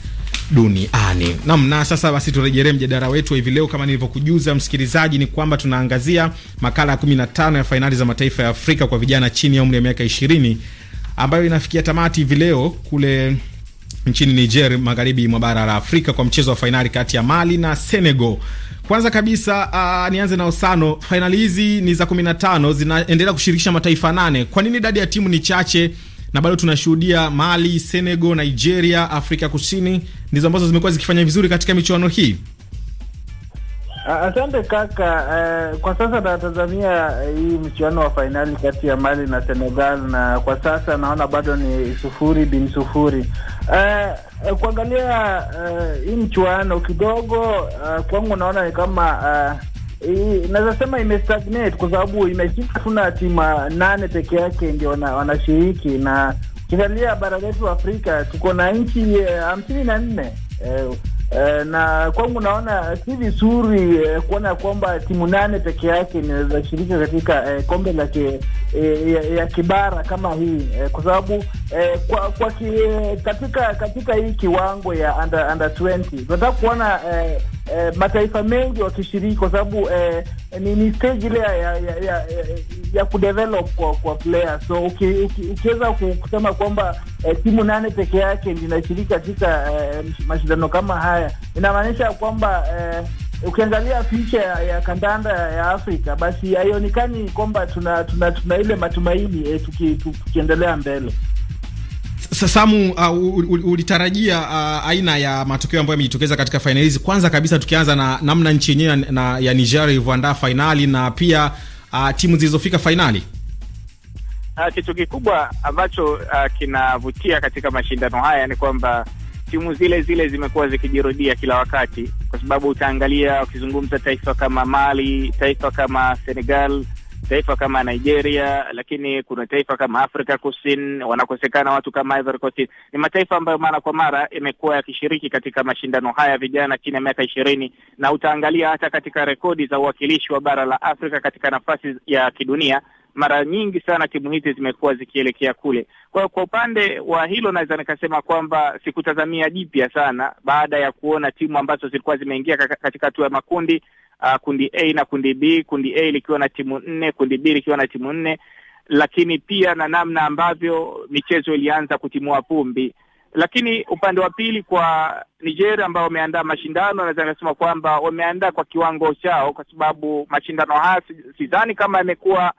duniani. Naam, na sasa basi turejelee mjadala wetu hivi leo. Kama nilivyokujuza msikilizaji, ni kwamba tunaangazia makala ya 15 ya fainali za mataifa ya Afrika kwa vijana chini ya umri ya miaka 20 ambayo inafikia tamati hivi leo kule nchini Niger, magharibi mwa bara la Afrika, kwa mchezo wa fainali kati ya Mali na Senegal. Kwanza kabisa uh, nianze na Osano. Fainali hizi ni za 15 zinaendelea kushirikisha mataifa nane. Kwa nini idadi ya timu ni chache na bado tunashuhudia Mali, Senegal, Nigeria, Afrika Kusini ndizo ambazo zimekuwa zikifanya vizuri katika michuano hii? Asante kaka. Uh, kwa sasa natazamia hii mchuano wa fainali kati ya Mali na Senegal, na kwa sasa naona bado ni sufuri bin sufuri. Uh, kuangalia uh, hii mchuano kidogo uh, kwangu naona ni kama uh, naweza sema imestagnate kwa sababu imeshika tuna tima nane peke yake ndio wanashiriki, na ukiangalia bara letu Afrika tuko na nchi e, hamsini na nne e, Eh, na kwangu naona si vizuri uh, kuona kwamba timu nane peke yake inaweza shirika katika uh, kombe la ke, uh, ya, ya kibara kama hii uh, kwa sababu uh, kwa, kwa ki, katika katika hii kiwango ya under, under 20 tunataka kuona uh, eh, mataifa mengi wakishiriki, kwa sababu eh, ni, ni stage ile ya, ya, ya, ya, ya kudevelop kwa, kwa player. So ukiweza uki, uki kusema kwamba eh, timu nane peke yake inashiriki katika eh, mashindano kama haya inamaanisha kwamba eh, ukiangalia picha ya, ya kandanda ya Afrika basi haionekani kwamba tuna, tuna, tuna ile matumaini eh, tuki, tukiendelea mbele. Samu, uh, ulitarajia uh, aina ya matokeo ambayo yamejitokeza katika fainali hizi, kwanza kabisa tukianza na namna nchi yenyewe na, ya Niger ilivyoandaa fainali na pia uh, timu zilizofika fainali. Uh, ah, kitu kikubwa ambacho uh, kinavutia katika mashindano haya ni kwamba timu zile zile zimekuwa zikijirudia kila wakati, kwa sababu utaangalia, ukizungumza taifa kama Mali, taifa kama Senegal taifa kama Nigeria, lakini kuna taifa kama Afrika Kusini, wanakosekana watu kama Ivory Coast. Ni mataifa ambayo mara kwa mara yamekuwa yakishiriki katika mashindano haya vijana chini ya miaka ishirini, na utaangalia hata katika rekodi za uwakilishi wa bara la Afrika katika nafasi ya kidunia mara nyingi sana timu hizi zimekuwa zikielekea kule. Kwa kwa upande wa hilo, naweza nikasema kwamba sikutazamia jipya sana, baada ya kuona timu ambazo zilikuwa zimeingia katika hatua ya makundi uh, kundi A na kundi B, kundi A likiwa na timu nne, kundi B likiwa na timu nne, lakini pia na namna ambavyo michezo ilianza kutimua pumbi. Lakini upande wa pili kwa Nigeria ambao wameandaa mashindano, naweza nikasema kwamba wameandaa kwa kiwango chao, kwa sababu mashindano haya sidhani kama yamekuwa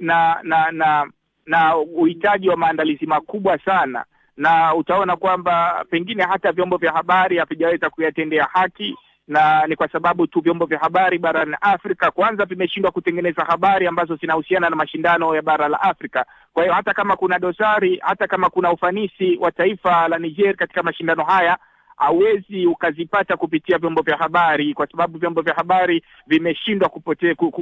na na na na uhitaji wa maandalizi makubwa sana, na utaona kwamba pengine hata vyombo vya habari havijaweza kuyatendea haki na ni kwa sababu tu vyombo vya habari barani Afrika kwanza vimeshindwa kutengeneza habari ambazo zinahusiana na mashindano ya bara la Afrika. Kwa hiyo hata kama kuna dosari, hata kama kuna ufanisi wa taifa la Niger katika mashindano haya hawezi ukazipata kupitia vyombo vya habari, kwa sababu vyombo vya habari vimeshindwa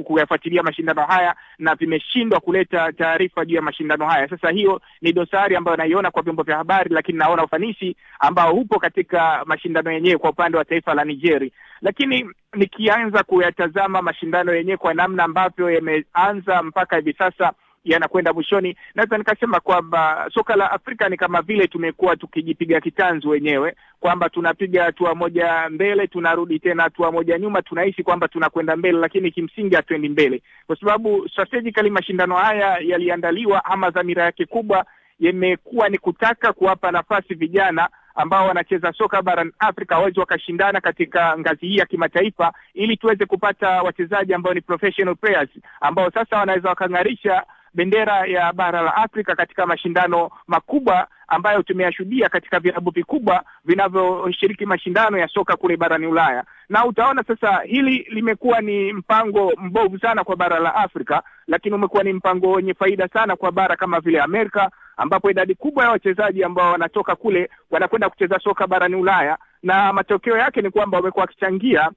kuyafuatilia mashindano haya na vimeshindwa kuleta taarifa juu ya mashindano haya. Sasa hiyo ni dosari ambayo naiona kwa vyombo vya habari, lakini naona ufanisi ambao upo katika mashindano yenyewe kwa upande wa taifa la Nigeri. Lakini nikianza kuyatazama mashindano yenyewe kwa namna ambavyo yameanza mpaka hivi sasa yanakwenda mwishoni, naweza nikasema kwamba soka la Afrika ni kama vile tumekuwa tukijipiga kitanzu wenyewe kwamba tunapiga hatua moja mbele, tunarudi tena hatua moja nyuma, tunahisi kwamba tunakwenda mbele, lakini kimsingi hatuendi mbele, kwa sababu strategically mashindano haya yaliandaliwa, ama dhamira yake kubwa yamekuwa ni kutaka kuwapa nafasi vijana ambao wanacheza soka barani Afrika waweze wakashindana katika ngazi hii ya kimataifa, ili tuweze kupata wachezaji ambao ni professional players ambao sasa wanaweza wakang'arisha bendera ya bara la Afrika katika mashindano makubwa ambayo tumeyashuhudia katika vilabu vikubwa vinavyoshiriki mashindano ya soka kule barani Ulaya. Na utaona sasa hili limekuwa ni mpango mbovu sana kwa bara la Afrika, lakini umekuwa ni mpango wenye faida sana kwa bara kama vile Amerika, ambapo idadi kubwa ya wachezaji ambao wanatoka kule wanakwenda kucheza soka barani Ulaya, na matokeo yake ni kwamba wamekuwa wakichangia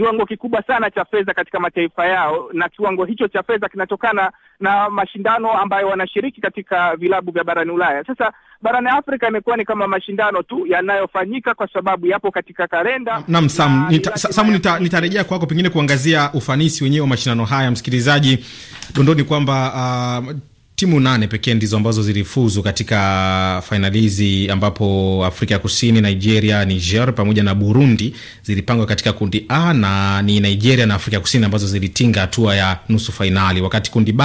kiwango kikubwa sana cha fedha katika mataifa yao, na kiwango hicho cha fedha kinatokana na mashindano ambayo wanashiriki katika vilabu vya barani Ulaya. Sasa barani Afrika imekuwa ni kama mashindano tu yanayofanyika kwa sababu yapo katika kalenda. Naam, Sam, nita, nita, nitarejea kwako pengine kuangazia ufanisi wenyewe wa mashindano haya. Msikilizaji dondoni kwamba uh, timu nane pekee ndizo ambazo zilifuzu katika fainali hizi, ambapo Afrika ya Kusini, Nigeria, Niger pamoja na Burundi zilipangwa katika kundi A, na ni Nigeria na Afrika ya Kusini ambazo zilitinga hatua ya nusu fainali, wakati kundi B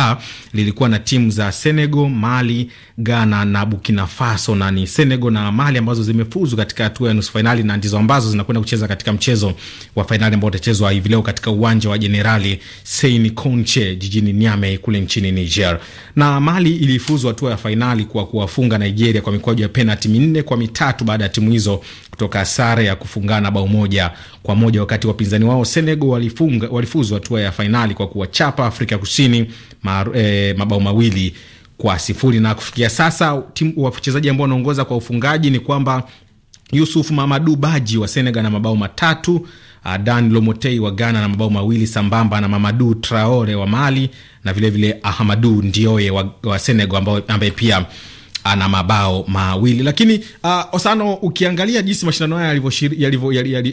lilikuwa na timu za Senegal, Mali, Ghana na Burkina Faso, na ni Senegal na Mali ambazo zimefuzu katika hatua ya nusu fainali na ndizo ambazo zinakwenda kucheza katika mchezo wa fainali ambao utachezwa hivi leo katika uwanja wa Jenerali Seyni Konche jijini Niamey kule nchini Niger na Mali ilifuzu hatua ya fainali kwa kuwafunga Nigeria kwa mikwaju ya penalti minne kwa mitatu baada ya timu hizo kutoka sare ya kufungana bao moja kwa moja, wakati wapinzani wao Senegal walifunga walifuzu hatua ya fainali kwa kuwachapa Afrika Kusini e, mabao mawili kwa sifuri. Na kufikia sasa wachezaji ambao wanaongoza kwa ufungaji ni kwamba Yusuf Mamadu Baji wa Senegal na mabao matatu uh, Dan Lomotei wa Ghana na mabao mawili sambamba na Mamadu Traore wa Mali na vilevile vile Ahamadu Ndioye wa, wa Senegal ambaye pia ana mabao mawili lakini uh, Osano, ukiangalia jinsi mashindano haya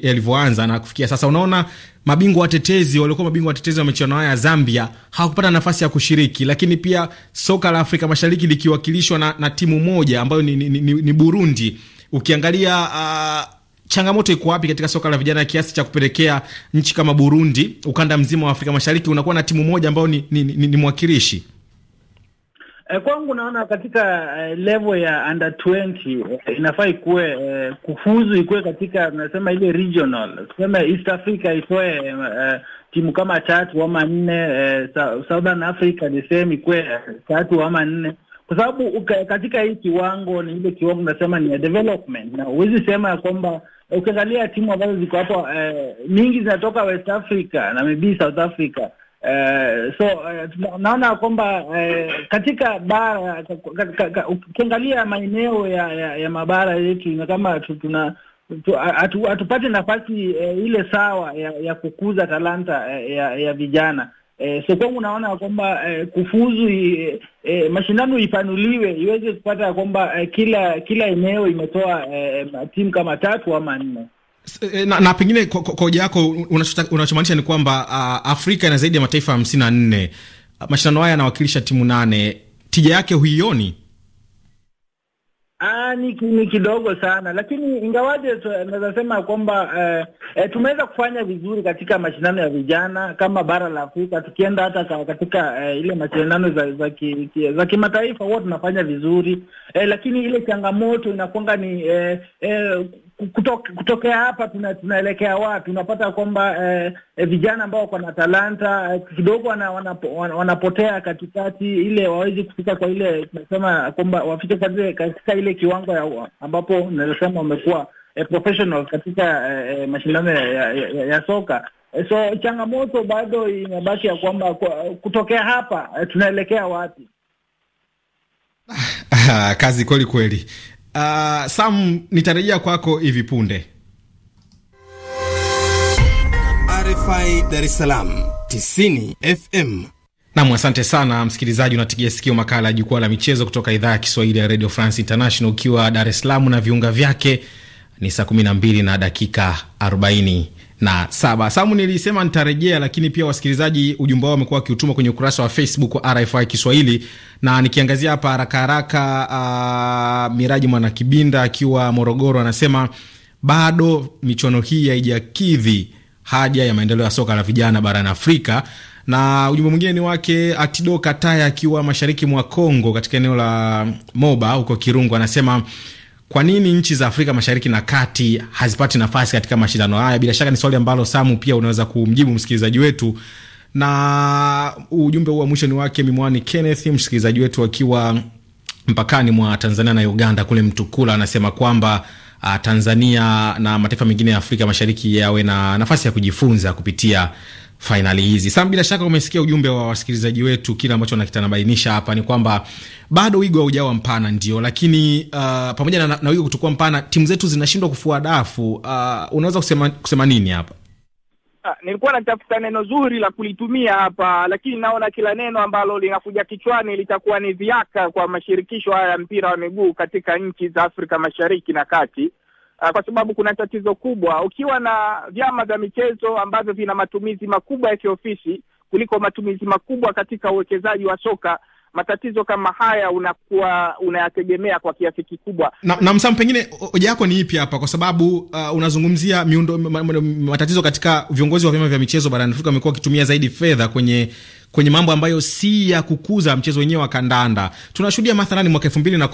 yalivyoanza na kufikia sasa, unaona mabingwa watetezi waliokuwa mabingwa watetezi wa michuano haya Zambia hawakupata nafasi ya kushiriki, lakini pia soka la Afrika Mashariki likiwakilishwa na, na timu moja ambayo ni, ni, ni, ni Burundi. Ukiangalia uh, changamoto iko wapi katika soka la vijana kiasi cha kupelekea nchi kama Burundi, ukanda mzima wa Afrika Mashariki unakuwa na timu moja ambayo ni, ni, ni, ni ni mwakilishi? Eh, kwangu naona katika eh, level ya under 20 eh, inafaa ikuwe eh, kufuzu ikuwe katika nasema ile regional, tuseme East Africa itoe eh, timu kama tatu ama nne eh, Southern Africa ni sehemu ikuwe tatu eh, ama nne, kwa sababu katika hii kiwango ni ile kiwango nasema ni ya development, na huwezi sema ya kwamba Eh, ukiangalia timu ambazo ziko hapo eh, mingi zinatoka West Africa na maybe South Africa eh, so eh, naona kwamba eh, katika bara ukiangalia maeneo ya, ya, ya mabara yetu na kama tuna hatupate nafasi eh, ile sawa ya, ya kukuza talanta eh, ya, ya vijana Eh, so kwangu unaona kwamba eh, kufuzu eh, eh, mashindano ipanuliwe iweze kupata kwamba eh, kila kila eneo imetoa eh, timu kama tatu ama nne. Eh, na, na pengine kwa hoja yako unachomaanisha ni kwamba uh, Afrika ina zaidi ya mataifa hamsini na nne. Mashindano haya yanawakilisha timu nane, tija yake huioni? Aa, ah, ni, ni kidogo sana lakini ingawaje eh, naweza sema kwamba eh, eh, tumeweza kufanya vizuri katika mashindano ya vijana kama bara la Afrika, tukienda hata katika eh, ile mashindano za za, ki, ki, za kimataifa huwa tunafanya vizuri eh, lakini ile changamoto inakuanga ni eh, eh, kutoke, kutokea hapa tunaelekea wapi? Unapata kwamba eh, eh, vijana ambao wako na talanta eh, kidogo wana, wana, wana, wanapotea katikati ile, wawezi kufika kwa ile tunasema kwamba wafike katika ile kiwango ya ambapo nasema wamekuwa eh, professional katika eh, eh, mashindano ya, ya, ya, ya soka so changamoto bado inabaki ya kwamba kutokea hapa tunaelekea wapi? Ah, kazi kweli kweli. Uh, Sam, nitarejea kwako hivi punde. RFI Dar es Salaam 90 FM. Nam, asante sana msikilizaji, unatigia sikio makala ya jukwaa la michezo kutoka idhaa ya Kiswahili ya Radio France International ukiwa Dar es Salaam na viunga vyake. Ni saa 12 na dakika 40 na saba. Samu, nilisema nitarejea, lakini pia wasikilizaji ujumbe wao wamekuwa wakiutuma kwenye ukurasa wa Facebook wa RFI Kiswahili, na nikiangazia hapa haraka haraka, uh, Miraji Mwanakibinda akiwa Morogoro anasema bado michuano hii haijakidhi haja ya maendeleo ya soka la vijana barani Afrika na ujumbe mwingine ni wake Atido Kataya akiwa mashariki mwa Kongo katika eneo la Moba huko Kirungu, anasema kwa nini nchi za Afrika Mashariki na Kati hazipati nafasi katika mashindano haya? Bila shaka ni swali ambalo Samu pia unaweza kumjibu msikilizaji wetu na ujumbe huu wa mwisho ni wake Mimwani Kenneth, msikilizaji wetu akiwa mpakani mwa Tanzania na Uganda kule Mtukula, anasema kwamba uh, Tanzania na mataifa mengine ya Afrika Mashariki yawe na nafasi ya kujifunza kupitia fainali hizi. Sam, bila shaka umesikia ujumbe wa wasikilizaji wetu. Kile ambacho nakitanabainisha hapa ni kwamba bado wigo haujawa mpana, ndio, lakini uh, pamoja na, na wigo kutokuwa mpana, timu zetu zinashindwa kufua dafu. Uh, unaweza kusema, kusema nini hapa? Ha, ah, nilikuwa natafuta neno zuri la kulitumia hapa, lakini naona kila neno ambalo linakuja kichwani litakuwa ni viaka kwa mashirikisho haya ya mpira wa miguu katika nchi za Afrika Mashariki na Kati Ah, kwa sababu kuna tatizo kubwa. Ukiwa na vyama vya michezo ambavyo vina matumizi makubwa ya kiofisi kuliko matumizi makubwa katika uwekezaji wa soka, matatizo kama haya unakuwa unayategemea kwa kiasi kikubwa. Na, na Msam, pengine hoja yako ni ipi hapa? Kwa sababu uh, unazungumzia miundo matatizo katika viongozi wa vyama vya michezo barani Afrika wamekuwa wakitumia zaidi fedha kwenye kwenye mambo ambayo si ya kukuza mchezo wenyewe wa kandanda. Tunashuhudia mathalani mwaka elfu mbili na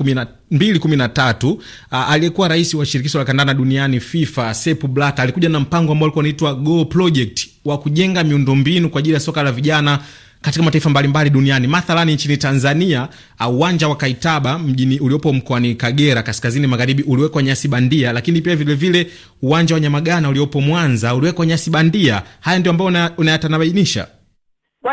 kumi na tatu uh, aliyekuwa rais wa shirikisho la kandanda duniani FIFA, Sepp Blatter alikuja na mpango ambao ulikuwa unaitwa Go Project wa kujenga miundombinu kwa ajili ya soka la vijana katika mataifa mbalimbali duniani. Mathalani nchini Tanzania, uwanja wa Kaitaba mjini uliopo mkoani Kagera kaskazini magharibi uliwekwa nyasi bandia, lakini pia vilevile uwanja wa Nyamagana uliopo Mwanza uliwekwa nyasi bandia. Haya ndio ambayo unayatanabainisha una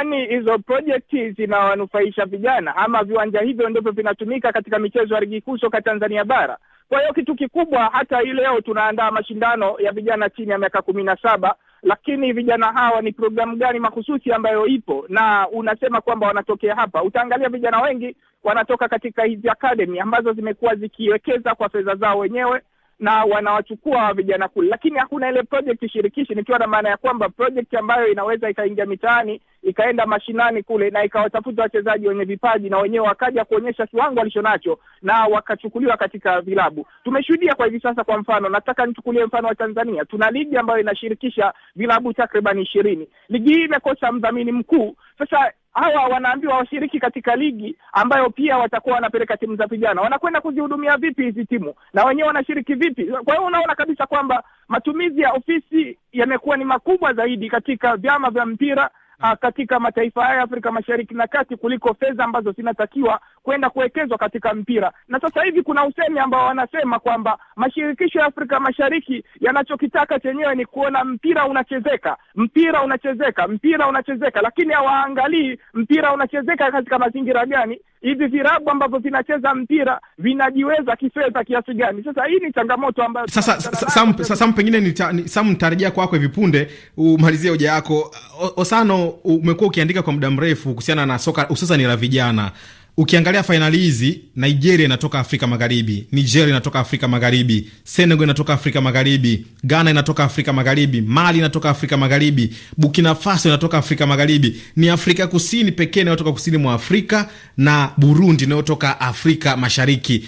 kwani hizo projekti zinawanufaisha vijana ama viwanja hivyo ndivyo vinatumika katika michezo ya ligi kuu soka Tanzania bara. Kwa hiyo kitu kikubwa, hata hii leo tunaandaa mashindano ya vijana chini ya miaka kumi na saba lakini vijana hawa ni programu gani mahususi ambayo ipo na unasema kwamba wanatokea hapa? Utaangalia vijana wengi wanatoka katika hizi academy ambazo zimekuwa zikiwekeza kwa fedha zao wenyewe na wanawachukua vijana kule, lakini hakuna ile project shirikishi, nikiwa na maana ya kwamba project ambayo inaweza ikaingia mitaani ikaenda mashinani kule na ikawatafuta wachezaji wenye vipaji na wenyewe wakaja kuonyesha kiwango walichonacho na wakachukuliwa katika vilabu. Tumeshuhudia kwa hivi sasa, kwa mfano, nataka nichukulie mfano wa Tanzania. Tuna ligi ambayo inashirikisha vilabu takriban ishirini. Ligi hii imekosa mdhamini mkuu. Sasa hawa wanaambiwa washiriki katika ligi ambayo pia watakuwa wanapeleka timu za vijana, wanakwenda kuzihudumia vipi hizi timu na wenyewe wanashiriki vipi? Kwa hiyo unaona kabisa kwamba matumizi ya ofisi yamekuwa ni makubwa zaidi katika vyama vya mpira ah, katika mataifa haya Afrika Mashariki na Kati kuliko fedha ambazo zinatakiwa kwenda kuwekezwa katika mpira. Na sasa hivi kuna usemi ambao wanasema kwamba mashirikisho ya Afrika Mashariki yanachokitaka chenyewe ni kuona mpira unachezeka, mpira unachezeka, mpira unachezeka, lakini hawaangalii mpira unachezeka katika mazingira gani, hivi virabu ambavyo vinacheza mpira vinajiweza kifedha kiasi gani? Sasa hii ni changamoto ambayo sasa Sam, Sam, pengine ni Sam, nitarejea kwako hivi punde umalizie hoja yako. Osano, umekuwa ukiandika kwa muda mrefu kuhusiana na soka hususani la vijana Ukiangalia fainali hizi, Nigeria inatoka Afrika Magharibi, Nigeria inatoka Afrika Magharibi, Senegal inatoka Afrika Magharibi, Ghana inatoka Afrika Magharibi, Mali inatoka Afrika Magharibi, bukina Faso inatoka Afrika Magharibi. Ni Afrika Kusini pekee inayotoka kusini mwa Afrika na Burundi inayotoka Afrika Mashariki.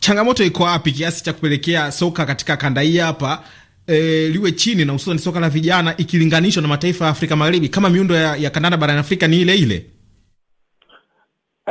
Changamoto iko wapi kiasi cha kupelekea soka katika kanda hii hapa E, liwe chini na hususani soka la vijana ikilinganishwa na mataifa ya Afrika Magharibi, kama miundo ya, ya kandanda barani Afrika ni ile ile.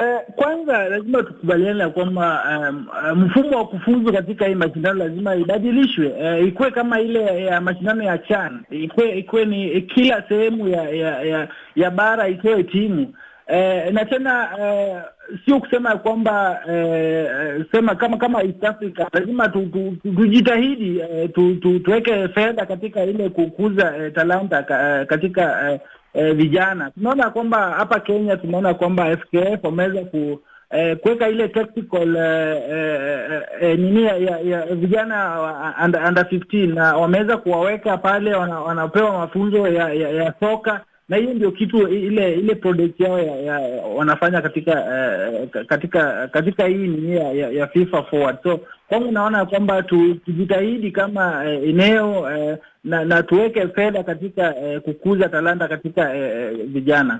Eh, kwanza lazima tukubaliane ya kwamba um, uh, mfumo wa kufuzu katika hii mashindano lazima ibadilishwe. Uh, ikuwe kama ile ya mashindano ya CHAN, ikuwe ikuwe ni kila sehemu ya ya ya, ya bara itoe timu eh, na tena eh, sio kusema ya kwamba eh, sema kama kama East Africa lazima tu, tu, tu, tujitahidi eh, tu, tu, tuweke fedha katika ile kukuza eh, talanta eh, katika eh, eh, vijana. Tunaona kwamba hapa Kenya tunaona kwamba FKF wameweza ku eh, kuweka ile tactical eh, eh, eh, eh nini ya, ya ya vijana under, under 15 na wameweza kuwaweka pale, wana, wanapewa mafunzo ya, ya, ya soka na hiyo ndio kitu ile ile product yao ya, ya, wanafanya katika uh, katika katika hii nini ya, ya, ya FIFA Forward. So kwangu naona kwamba tujitahidi kama uh, eneo uh, na, na tuweke fedha katika eh, kukuza talanta katika eh, eh, vijana eh,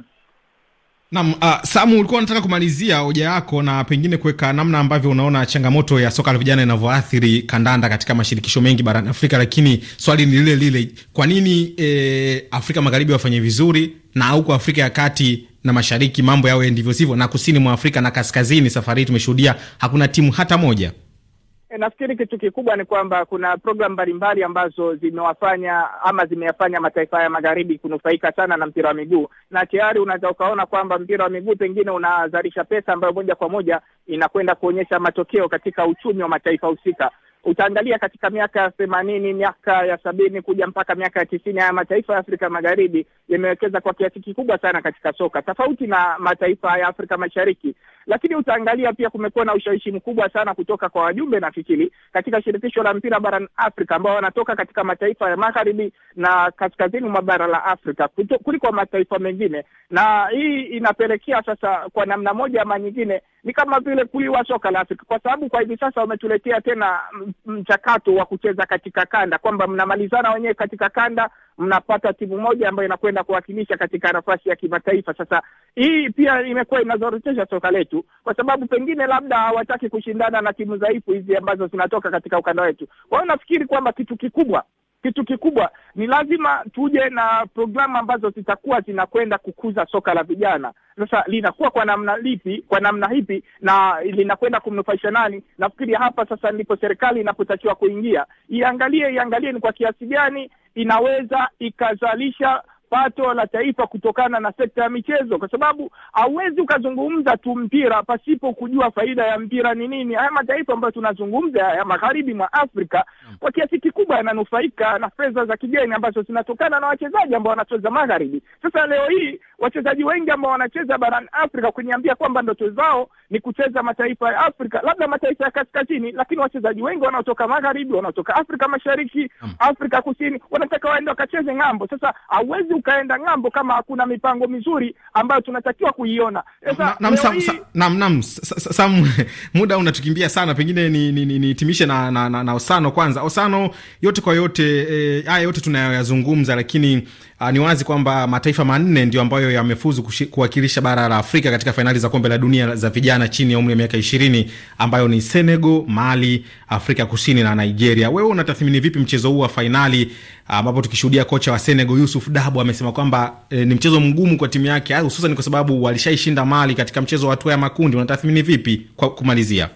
Naam, uh, Samu ulikuwa unataka kumalizia hoja yako na pengine kuweka namna ambavyo unaona changamoto ya soka la vijana inavyoathiri kandanda katika mashirikisho mengi barani Afrika, lakini swali ni lile lile, kwa nini eh, Afrika Magharibi wafanye vizuri na huko Afrika ya Kati na Mashariki mambo yawe ndivyo sivyo, na kusini mwa Afrika na kaskazini, safari hii tumeshuhudia hakuna timu hata moja E, nafikiri kitu kikubwa ni kwamba kuna programu mbalimbali ambazo zimewafanya ama zimeyafanya mataifa ya magharibi kunufaika sana na mpira wa miguu, na tayari unaweza ukaona kwamba mpira wa miguu pengine unazalisha pesa ambayo moja kwa moja inakwenda kuonyesha matokeo katika uchumi wa mataifa husika utaangalia katika miaka ya themanini, miaka ya sabini kuja mpaka miaka ya tisini, haya mataifa ya Afrika Magharibi yamewekeza kwa kiasi kikubwa sana katika soka, tofauti na mataifa ya Afrika Mashariki. Lakini utaangalia pia kumekuwa na ushawishi mkubwa sana kutoka kwa wajumbe, nafikiri, katika shirikisho la mpira barani Afrika ambao wanatoka katika mataifa ya magharibi na kaskazini mwa bara la Afrika kuliko mataifa mengine, na hii inapelekea sasa, kwa namna moja ama nyingine, ni kama vile kuliwa soka la Afrika, kwa sababu kwa hivi sasa wametuletea tena mchakato wa kucheza katika kanda, kwamba mnamalizana wenyewe katika kanda, mnapata timu moja ambayo inakwenda kuwakilisha katika nafasi ya kimataifa. Sasa hii pia imekuwa inazorotesha soka letu, kwa sababu pengine labda hawataki kushindana na timu dhaifu hizi ambazo zinatoka katika ukanda wetu. Kwa hiyo nafikiri kwamba kitu kikubwa kitu kikubwa ni lazima tuje na programu ambazo zitakuwa zinakwenda kukuza soka la vijana. Sasa linakuwa kwa namna lipi, kwa namna hipi, na linakwenda kumnufaisha nani? Nafikiri hapa sasa ndipo serikali inapotakiwa kuingia, iangalie iangalie ni kwa kiasi gani inaweza ikazalisha pato la taifa kutokana na sekta ya michezo, kwa sababu hauwezi ukazungumza tu mpira pasipo kujua faida ya mpira ni nini. Haya mataifa ambayo tunazungumza ya magharibi mwa Afrika kwa kiasi kikubwa yananufaika na fedha za kigeni ambazo zinatokana na wachezaji ambao wanacheza magharibi. Sasa leo hii wachezaji wengi ambao wanacheza barani Afrika kuniambia kwamba ndoto zao ni kucheza mataifa ya Afrika, labda mataifa ya kaskazini, lakini wachezaji wengi wanaotoka magharibi, wanaotoka Afrika Mashariki, mm. Afrika Kusini, wanataka waende wakacheze ng'ambo. Sasa hauwezi ukaenda ng'ambo kama hakuna mipango mizuri ambayo tunatakiwa kuiona. Sasa sam, muda unatukimbia sana, pengine nihitimishe ni, ni, ni na, na, na, na Osano kwanza. Osano, yote kwa yote eh, haya eh, yote tunayoyazungumza, lakini Uh, ni wazi kwamba mataifa manne ndio ambayo yamefuzu kuwakilisha bara la Afrika katika fainali za kombe la dunia za vijana chini ya umri wa miaka ishirini ambayo ni Senegal, Mali, Afrika Kusini na Nigeria. Wewe unatathmini vipi mchezo huu wa fainali ambapo, uh, tukishuhudia kocha wa Senegal Yusuf Dabo amesema kwamba eh, ni mchezo mgumu kwa timu yake, hususan kwa sababu walishaishinda Mali katika mchezo wa hatua ya makundi. Unatathmini vipi kwa kumalizia?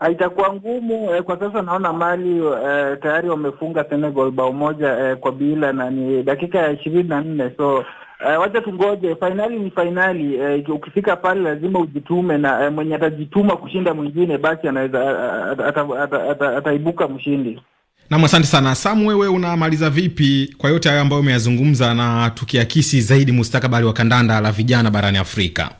haitakuwa ngumu eh, kwa sasa naona Mali eh, tayari wamefunga Senegal bao moja eh, kwa bila na ni dakika ya ishirini na nne so eh, wacha tungoje. Fainali ni fainali eh, ukifika pale lazima ujitume na eh, mwenye atajituma kushinda mwingine basi anaweza ataibuka mshindi. Nam, asante sana samu Wewe unamaliza vipi kwa yote hayo ambayo umeyazungumza, na tukiakisi zaidi mustakabali wa kandanda la vijana barani Afrika?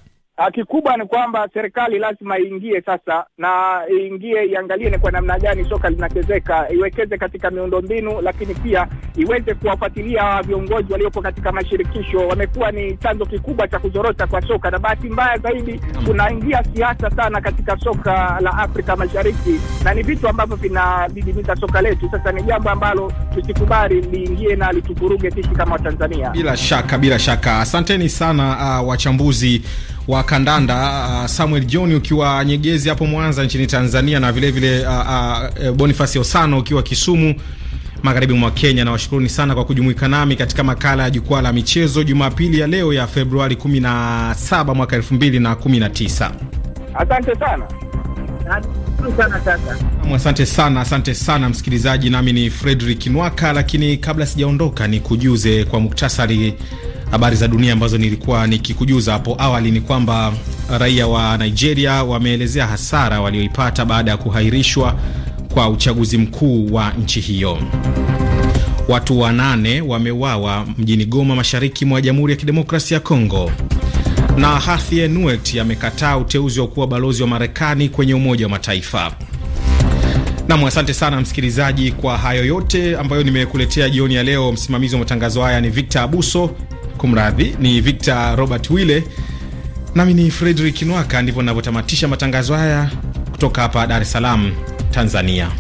Ah, kikubwa ni kwamba serikali lazima iingie sasa, na iingie iangalie ni kwa namna gani soka linachezeka, iwekeze katika miundo mbinu lakini pia iweze kuwafuatilia viongozi waliopo katika mashirikisho. Wamekuwa ni chanzo kikubwa cha kuzorota kwa soka, na bahati mbaya zaidi kunaingia siasa sana katika soka la Afrika Mashariki, na ni vitu ambavyo vinadidimiza soka letu. Sasa ni jambo ambalo tusikubali liingie na lituvuruge sisi kama Watanzania. Bila shaka, bila shaka. Asanteni sana uh, wachambuzi wa kandanda uh, Samuel John ukiwa Nyegezi hapo Mwanza nchini Tanzania, na vilevile vile, uh, uh, eh, Boniface Osano ukiwa Kisumu magharibi mwa Kenya. Na washukuruni sana kwa kujumuika nami katika makala ya jukwaa la michezo Jumapili ya leo ya Februari 17 mwaka 2019. Asante sana. Asante sana, asante sana msikilizaji. Nami ni Frederick Nwaka, lakini kabla sijaondoka, ni kujuze kwa muktasari habari za dunia ambazo nilikuwa nikikujuza hapo awali ni kwamba raia wa Nigeria wameelezea hasara walioipata baada ya kuhairishwa kwa uchaguzi mkuu wa nchi hiyo. Watu wanane wameuawa mjini Goma, mashariki mwa Jamhuri ya Kidemokrasia ya Kongo. Na Hathie Nuet amekataa uteuzi wa kuwa balozi wa Marekani kwenye Umoja wa Mataifa. Nam, asante sana msikilizaji kwa hayo yote ambayo nimekuletea jioni ya leo. Msimamizi wa matangazo haya ni Victor Abuso kumradhi, ni Victor Robert Wille, nami ni Frederick Nwaka. Ndivyo navyotamatisha matangazo haya kutoka hapa Dar es Salaam, Tanzania.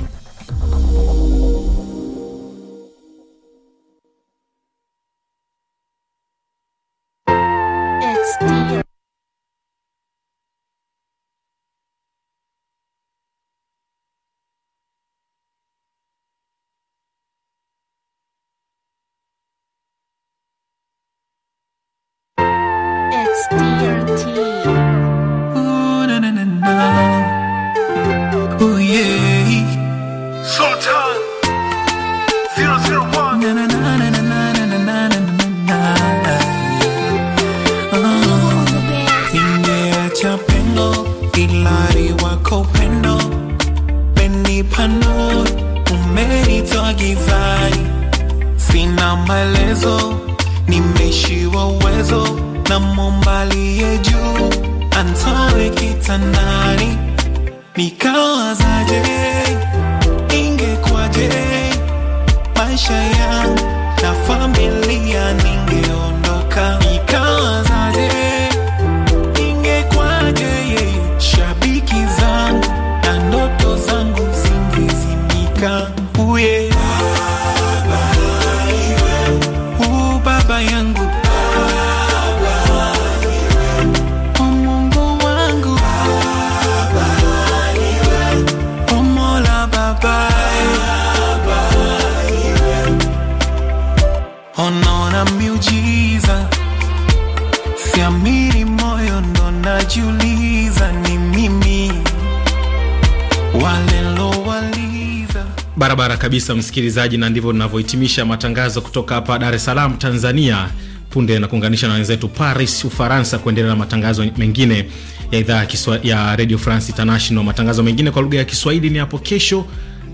kabisa msikilizaji, na ndivyo ninavyohitimisha matangazo kutoka hapa Dar es Salaam, Tanzania. Punde na kuunganisha na wenzetu Paris, Ufaransa, kuendelea na matangazo mengine ya idhaa ya Radio France International. Matangazo mengine kwa lugha ya Kiswahili ni hapo kesho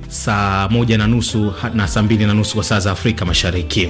saa moja na nusu na saa mbili na nusu kwa saa za Afrika Mashariki.